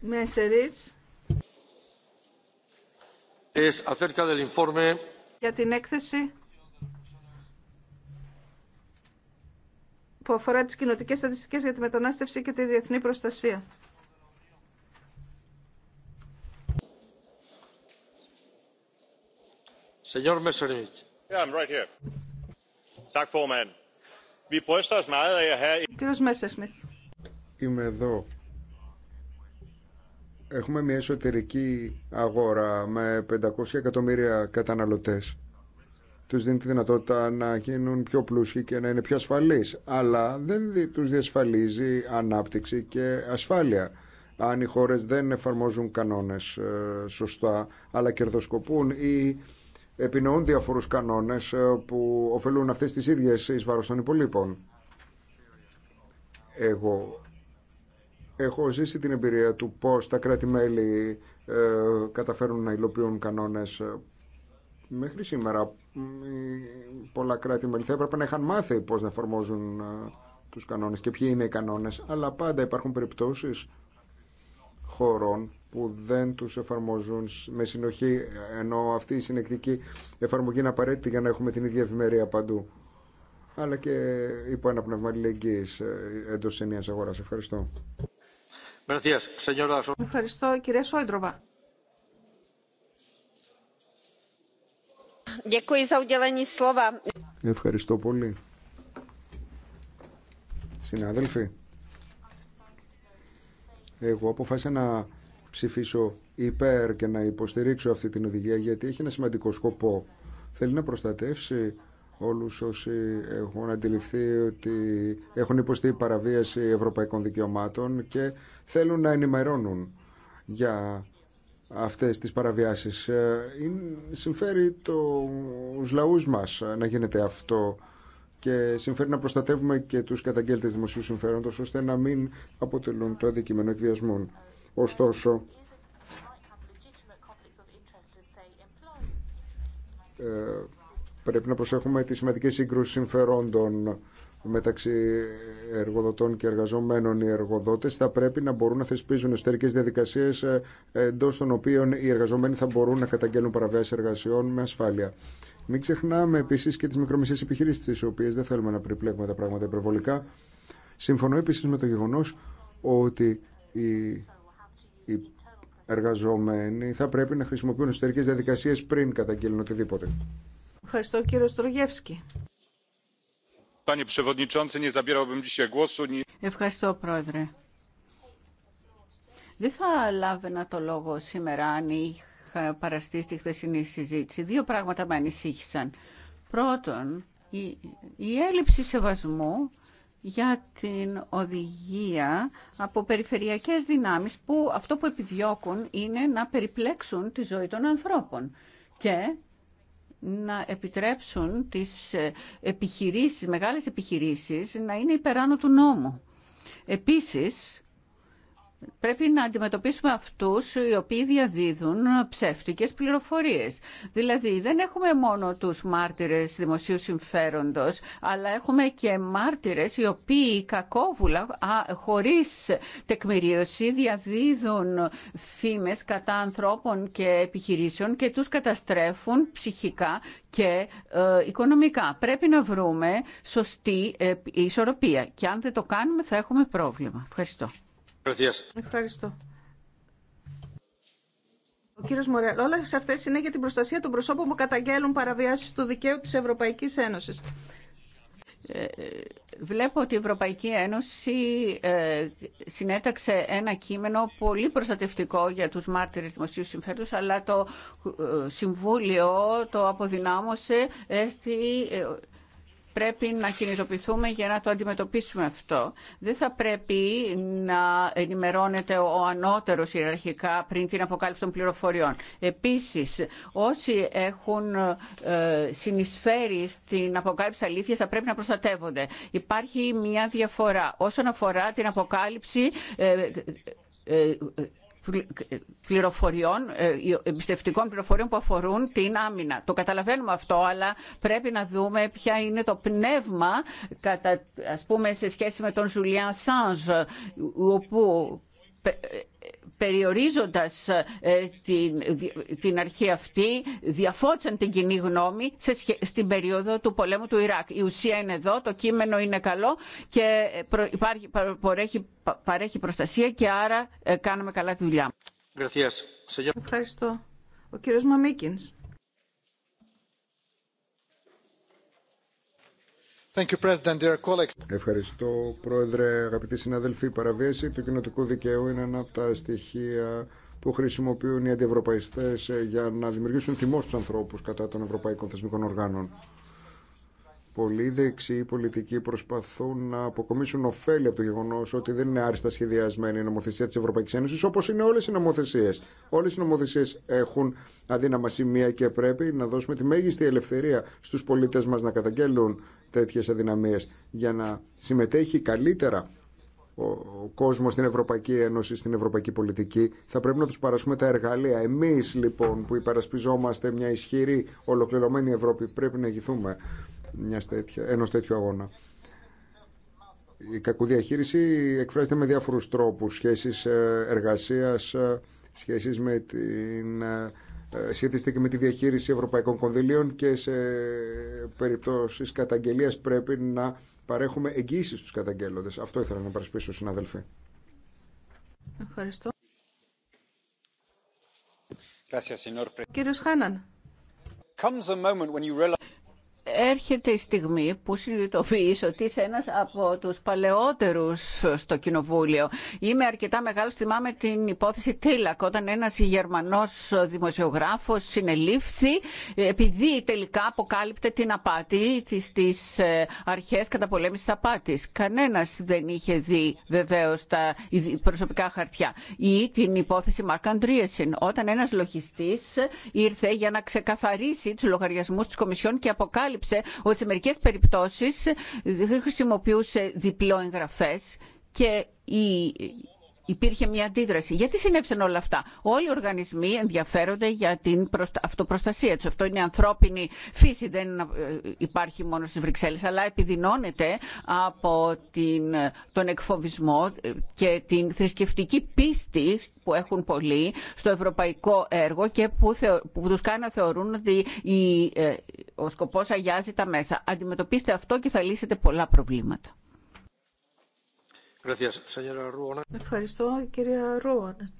[SPEAKER 3] Μέσεριτς για την έκθεση που αφορά τις κοινοτικές στατιστικές για τη μετανάστευση και τη διεθνή προστασία. Κύριε Μέσσερσνικ.
[SPEAKER 1] Είμαι εδώ. Έχουμε μια εσωτερική αγορά με 500 εκατομμύρια καταναλωτές. Τους δίνει τη δυνατότητα να γίνουν πιο πλούσιοι και να είναι πιο ασφαλείς. Αλλά δεν τους διασφαλίζει ανάπτυξη και ασφάλεια αν οι χώρες δεν εφαρμόζουν κανόνες ε, σωστά αλλά κερδοσκοπούν ή επινοούν διαφορούς κανόνες ε, που ωφελούν αυτές τις ίδιες εις βάρος των υπολείπων. Εγώ έχω ζήσει την εμπειρία του πώς τα κράτη-μέλη ε, καταφέρουν να υλοποιούν κανόνες ε, μέχρι σήμερα. Πολλά κράτη-μέλη θα έπρεπε να είχαν μάθει πώς να εφαρμόζουν ε, τους κανόνες και ποιοι είναι οι κανόνες, αλλά πάντα υπάρχουν περιπτώσεις χωρών που δεν τους εφαρμόζουν με συνοχή, ενώ αυτή η συνεκτική εφαρμογή είναι απαραίτητη για να έχουμε την ίδια ευημερία παντού. Αλλά και υπό ένα πνεύμα αλληλεγγύης ε, εντός ενίας αγοράς. Ευχαριστώ.
[SPEAKER 5] Ευχαριστώ,
[SPEAKER 3] κυρία Σόιντροβα.
[SPEAKER 1] Ευχαριστώ πολύ. Συνάδελφοι, εγώ αποφάσισα να ψηφίσω υπέρ και να υποστηρίξω αυτή την οδηγία γιατί έχει ένα σημαντικό σκοπό. Θέλει να προστατεύσει όλους όσοι έχουν αντιληφθεί ότι έχουν υποστεί παραβίαση ευρωπαϊκών δικαιωμάτων και θέλουν να ενημερώνουν για αυτές τις παραβιάσεις. Ε, συμφέρει του λαού μας να γίνεται αυτό και συμφέρει να προστατεύουμε και τους καταγγέλτες δημοσίου συμφέροντό ώστε να μην αποτελούν το αντικείμενο εκβιασμών. Ωστόσο, ε, πρέπει να προσέχουμε τις σημαντικές σύγκρουσεις συμφερόντων μεταξύ εργοδοτών και εργαζομένων οι εργοδότες θα πρέπει να μπορούν να θεσπίζουν εσωτερικές διαδικασίες ε, εντό των οποίων οι εργαζομένοι θα μπορούν να καταγγέλνουν παραβιάσεις εργασιών με ασφάλεια. Μην ξεχνάμε επίσης και τις μικρομεσαίες επιχειρήσεις τις οποίες δεν θέλουμε να περιπλέκουμε τα πράγματα υπερβολικά. Συμφωνώ επίσης με το ότι οι οι εργαζομένοι θα πρέπει να χρησιμοποιούν εσωτερικέ διαδικασίε πριν καταγγείλουν οτιδήποτε.
[SPEAKER 3] Ευχαριστώ κύριο Στρογεύσκη.
[SPEAKER 5] Ευχαριστώ πρόεδρε. Δεν θα λάβαινα το λόγο σήμερα αν είχα παραστεί στη χθεσινή συζήτηση. Δύο πράγματα με ανησύχησαν. Πρώτον, η έλλειψη σεβασμού για την οδηγία από περιφερειακές δυνάμεις που αυτό που επιδιώκουν είναι να περιπλέξουν τη ζωή των ανθρώπων και να επιτρέψουν τις ε, επιχειρήσεις, μεγάλες επιχειρήσεις να είναι υπεράνω του νόμου. Επίσης, πρέπει να αντιμετωπίσουμε αυτούς οι οποίοι διαδίδουν ψεύτικες πληροφορίες. Δηλαδή δεν έχουμε μόνο τους μάρτυρες δημοσίου συμφέροντος, αλλά έχουμε και μάρτυρες οι οποίοι κακόβουλα, χωρί χωρίς τεκμηρίωση, διαδίδουν φήμες κατά ανθρώπων και επιχειρήσεων και τους καταστρέφουν ψυχικά και ε, οικονομικά. Πρέπει να βρούμε σωστή ε, ισορροπία και αν δεν το κάνουμε θα έχουμε πρόβλημα. Ευχαριστώ.
[SPEAKER 3] Ευχαριστώ.
[SPEAKER 5] Ο κύριος Μορέλ, σε αυτές είναι για την προστασία των προσώπων που καταγγέλουν παραβιάσει του δικαίου της Ευρωπαϊκής Ένωσης. Ε, βλέπω ότι η Ευρωπαϊκή Ένωση ε, συνέταξε ένα κείμενο πολύ προστατευτικό για τους μάρτυρες δημοσίου συμφέροντος, αλλά το ε, Συμβούλιο το αποδυνάμωσε στη πρέπει να κινητοποιηθούμε για να το αντιμετωπίσουμε αυτό. Δεν θα πρέπει να ενημερώνεται ο ανώτερος ιεραρχικά πριν την αποκάλυψη των πληροφοριών. Επίσης, όσοι έχουν ε, συνεισφέρει στην αποκάλυψη αλήθειας θα πρέπει να προστατεύονται. Υπάρχει μια διαφορά όσον αφορά την αποκάλυψη ε, ε, πληροφοριών, εμπιστευτικών πληροφοριών που αφορούν την άμυνα. Το καταλαβαίνουμε αυτό, αλλά πρέπει να δούμε ποια είναι το πνεύμα, κατά, ας πούμε, σε σχέση με τον Ζουλιάν Σάνζ, όπου περιορίζοντας ε, την, την αρχή αυτή διαφώτσαν την κοινή γνώμη σε, στην περίοδο του πολέμου του Ιράκ. Η ουσία είναι εδώ, το κείμενο είναι καλό και ε, υπάρχει, παρέχει, παρέχει προστασία και άρα ε, κάναμε καλά τη δουλειά.
[SPEAKER 3] Ευχαριστώ.
[SPEAKER 5] Ο κύριος Μαμίκινς.
[SPEAKER 1] Ευχαριστώ, Πρόεδρε, αγαπητοί συναδελφοί. Η παραβίαση του κοινοτικού δικαίου είναι ένα από τα στοιχεία που χρησιμοποιούν οι αντιευρωπαϊστές ε, για να δημιουργήσουν θυμό στους ανθρώπους κατά των ευρωπαϊκών θεσμικών οργάνων. Πολλοί δεξιοί πολιτικοί προσπαθούν να αποκομίσουν ωφέλη από το γεγονό ότι δεν είναι άριστα σχεδιασμένη η νομοθεσία τη Ευρωπαϊκή Ένωση, όπω είναι όλε οι νομοθεσίε. Όλε οι νομοθεσίε έχουν αδύναμα σημεία και πρέπει να δώσουμε τη μέγιστη ελευθερία στου πολίτε μα να καταγγέλουν τέτοιε αδυναμίε για να συμμετέχει καλύτερα ο, ο κόσμο στην Ευρωπαϊκή Ένωση, στην Ευρωπαϊκή Πολιτική. Θα πρέπει να του παρασούμε τα εργαλεία. Εμεί λοιπόν που υπερασπιζόμαστε μια ισχυρή, ολοκληρωμένη Ευρώπη πρέπει να ηγηθούμε τέτοια, ενός τέτοιου αγώνα. Η κακοδιαχείριση εκφράζεται με διάφορους τρόπους, σχέσεις ε, εργασίας, ε, σχέσεις με την ε, σχετίζεται με τη διαχείριση ευρωπαϊκών κονδυλίων και σε περιπτώσεις καταγγελίας πρέπει να παρέχουμε εγγύησεις στους καταγγέλλοντες. Αυτό ήθελα να παρασπίσω, συναδελφοί.
[SPEAKER 3] Ευχαριστώ.
[SPEAKER 5] Κύριος Χάναν έρχεται η στιγμή που συνειδητοποιείς ότι είσαι ένας από τους παλαιότερους στο Κοινοβούλιο. Είμαι αρκετά μεγάλος, θυμάμαι την υπόθεση Τίλακ, όταν ένας γερμανός δημοσιογράφος συνελήφθη επειδή τελικά αποκάλυπτε την απάτη της, της ε, αρχές καταπολέμησης απάτης. Κανένας δεν είχε δει βεβαίως τα προσωπικά χαρτιά. Ή την υπόθεση Μαρκ Αντρίεσιν, όταν ένας λογιστής ήρθε για να ξεκαθαρίσει τους λογαριασμούς της Κομισιόν και αποκάλυψε ότι σε μερικές περιπτώσεις χρησιμοποιούσε διπλό εγγραφές και η, υπήρχε μια αντίδραση. Γιατί συνέβησαν όλα αυτά. Όλοι οι οργανισμοί ενδιαφέρονται για την αυτοπροστασία του. Αυτό είναι ανθρώπινη φύση, δεν ε, υπάρχει μόνο στις Βρυξέλλες αλλά επιδεινώνεται από την, τον εκφοβισμό ε, και την θρησκευτική πίστη που έχουν πολλοί στο ευρωπαϊκό έργο και που, θεω, του κάνει να θεωρούν ότι η ο σκοπός αγιάζει τα μέσα. Αντιμετωπίστε αυτό και θα λύσετε πολλά προβλήματα.
[SPEAKER 4] Ευχαριστώ, κυρία
[SPEAKER 3] Ρούανα.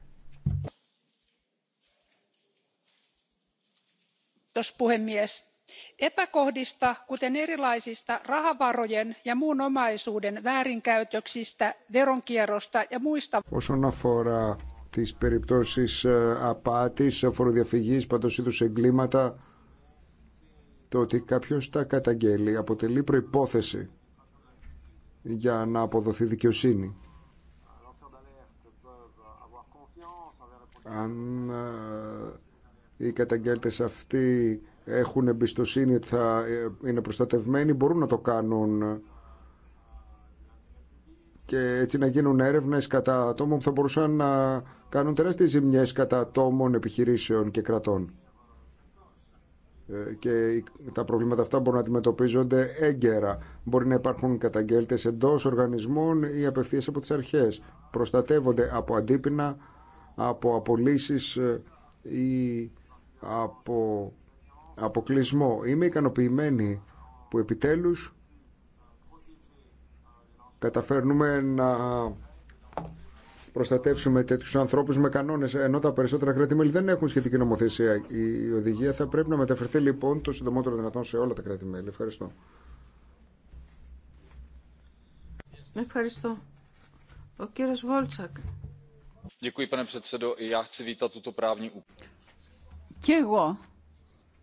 [SPEAKER 3] arvoisa puhemies epäkohdista kuten erilaisista rahavarojen ja muun omaisuuden väärinkäytöksistä veronkierrosta ja muista.
[SPEAKER 1] όσον αφορά tis periptosis apatis φοροδιαφυγής παντός είδους εγκλήματα το ότι κάποιος τα καταγγέλει αποτελεί προϋπόθεση για να αποδοθεί δικαιοσύνη. Αν ε, οι καταγγέλτες αυτοί έχουν εμπιστοσύνη ότι θα ε, είναι προστατευμένοι, μπορούν να το κάνουν και έτσι να γίνουν έρευνες κατά ατόμων που θα μπορούσαν να κάνουν τεράστιες ζημιές κατά ατόμων, επιχειρήσεων και κρατών. Ε, και τα προβλήματα αυτά μπορούν να αντιμετωπίζονται έγκαιρα. Μπορεί να υπάρχουν καταγγέλτες εντός οργανισμών ή απευθείας από τις αρχές. Προστατεύονται από αντίπεινα, από απολύσεις ε, ή από αποκλεισμό. Είμαι ικανοποιημένη που επιτέλους καταφέρνουμε να προστατεύσουμε τέτοιου ανθρώπου με κανόνε, ενώ τα περισσότερα κράτη-μέλη δεν έχουν σχετική νομοθεσία. Η οδηγία θα πρέπει να μεταφερθεί λοιπόν το συντομότερο δυνατόν σε όλα τα κράτη-μέλη. Ευχαριστώ.
[SPEAKER 3] Ευχαριστώ. Ο κύριος Βόλτσακ. Και εγώ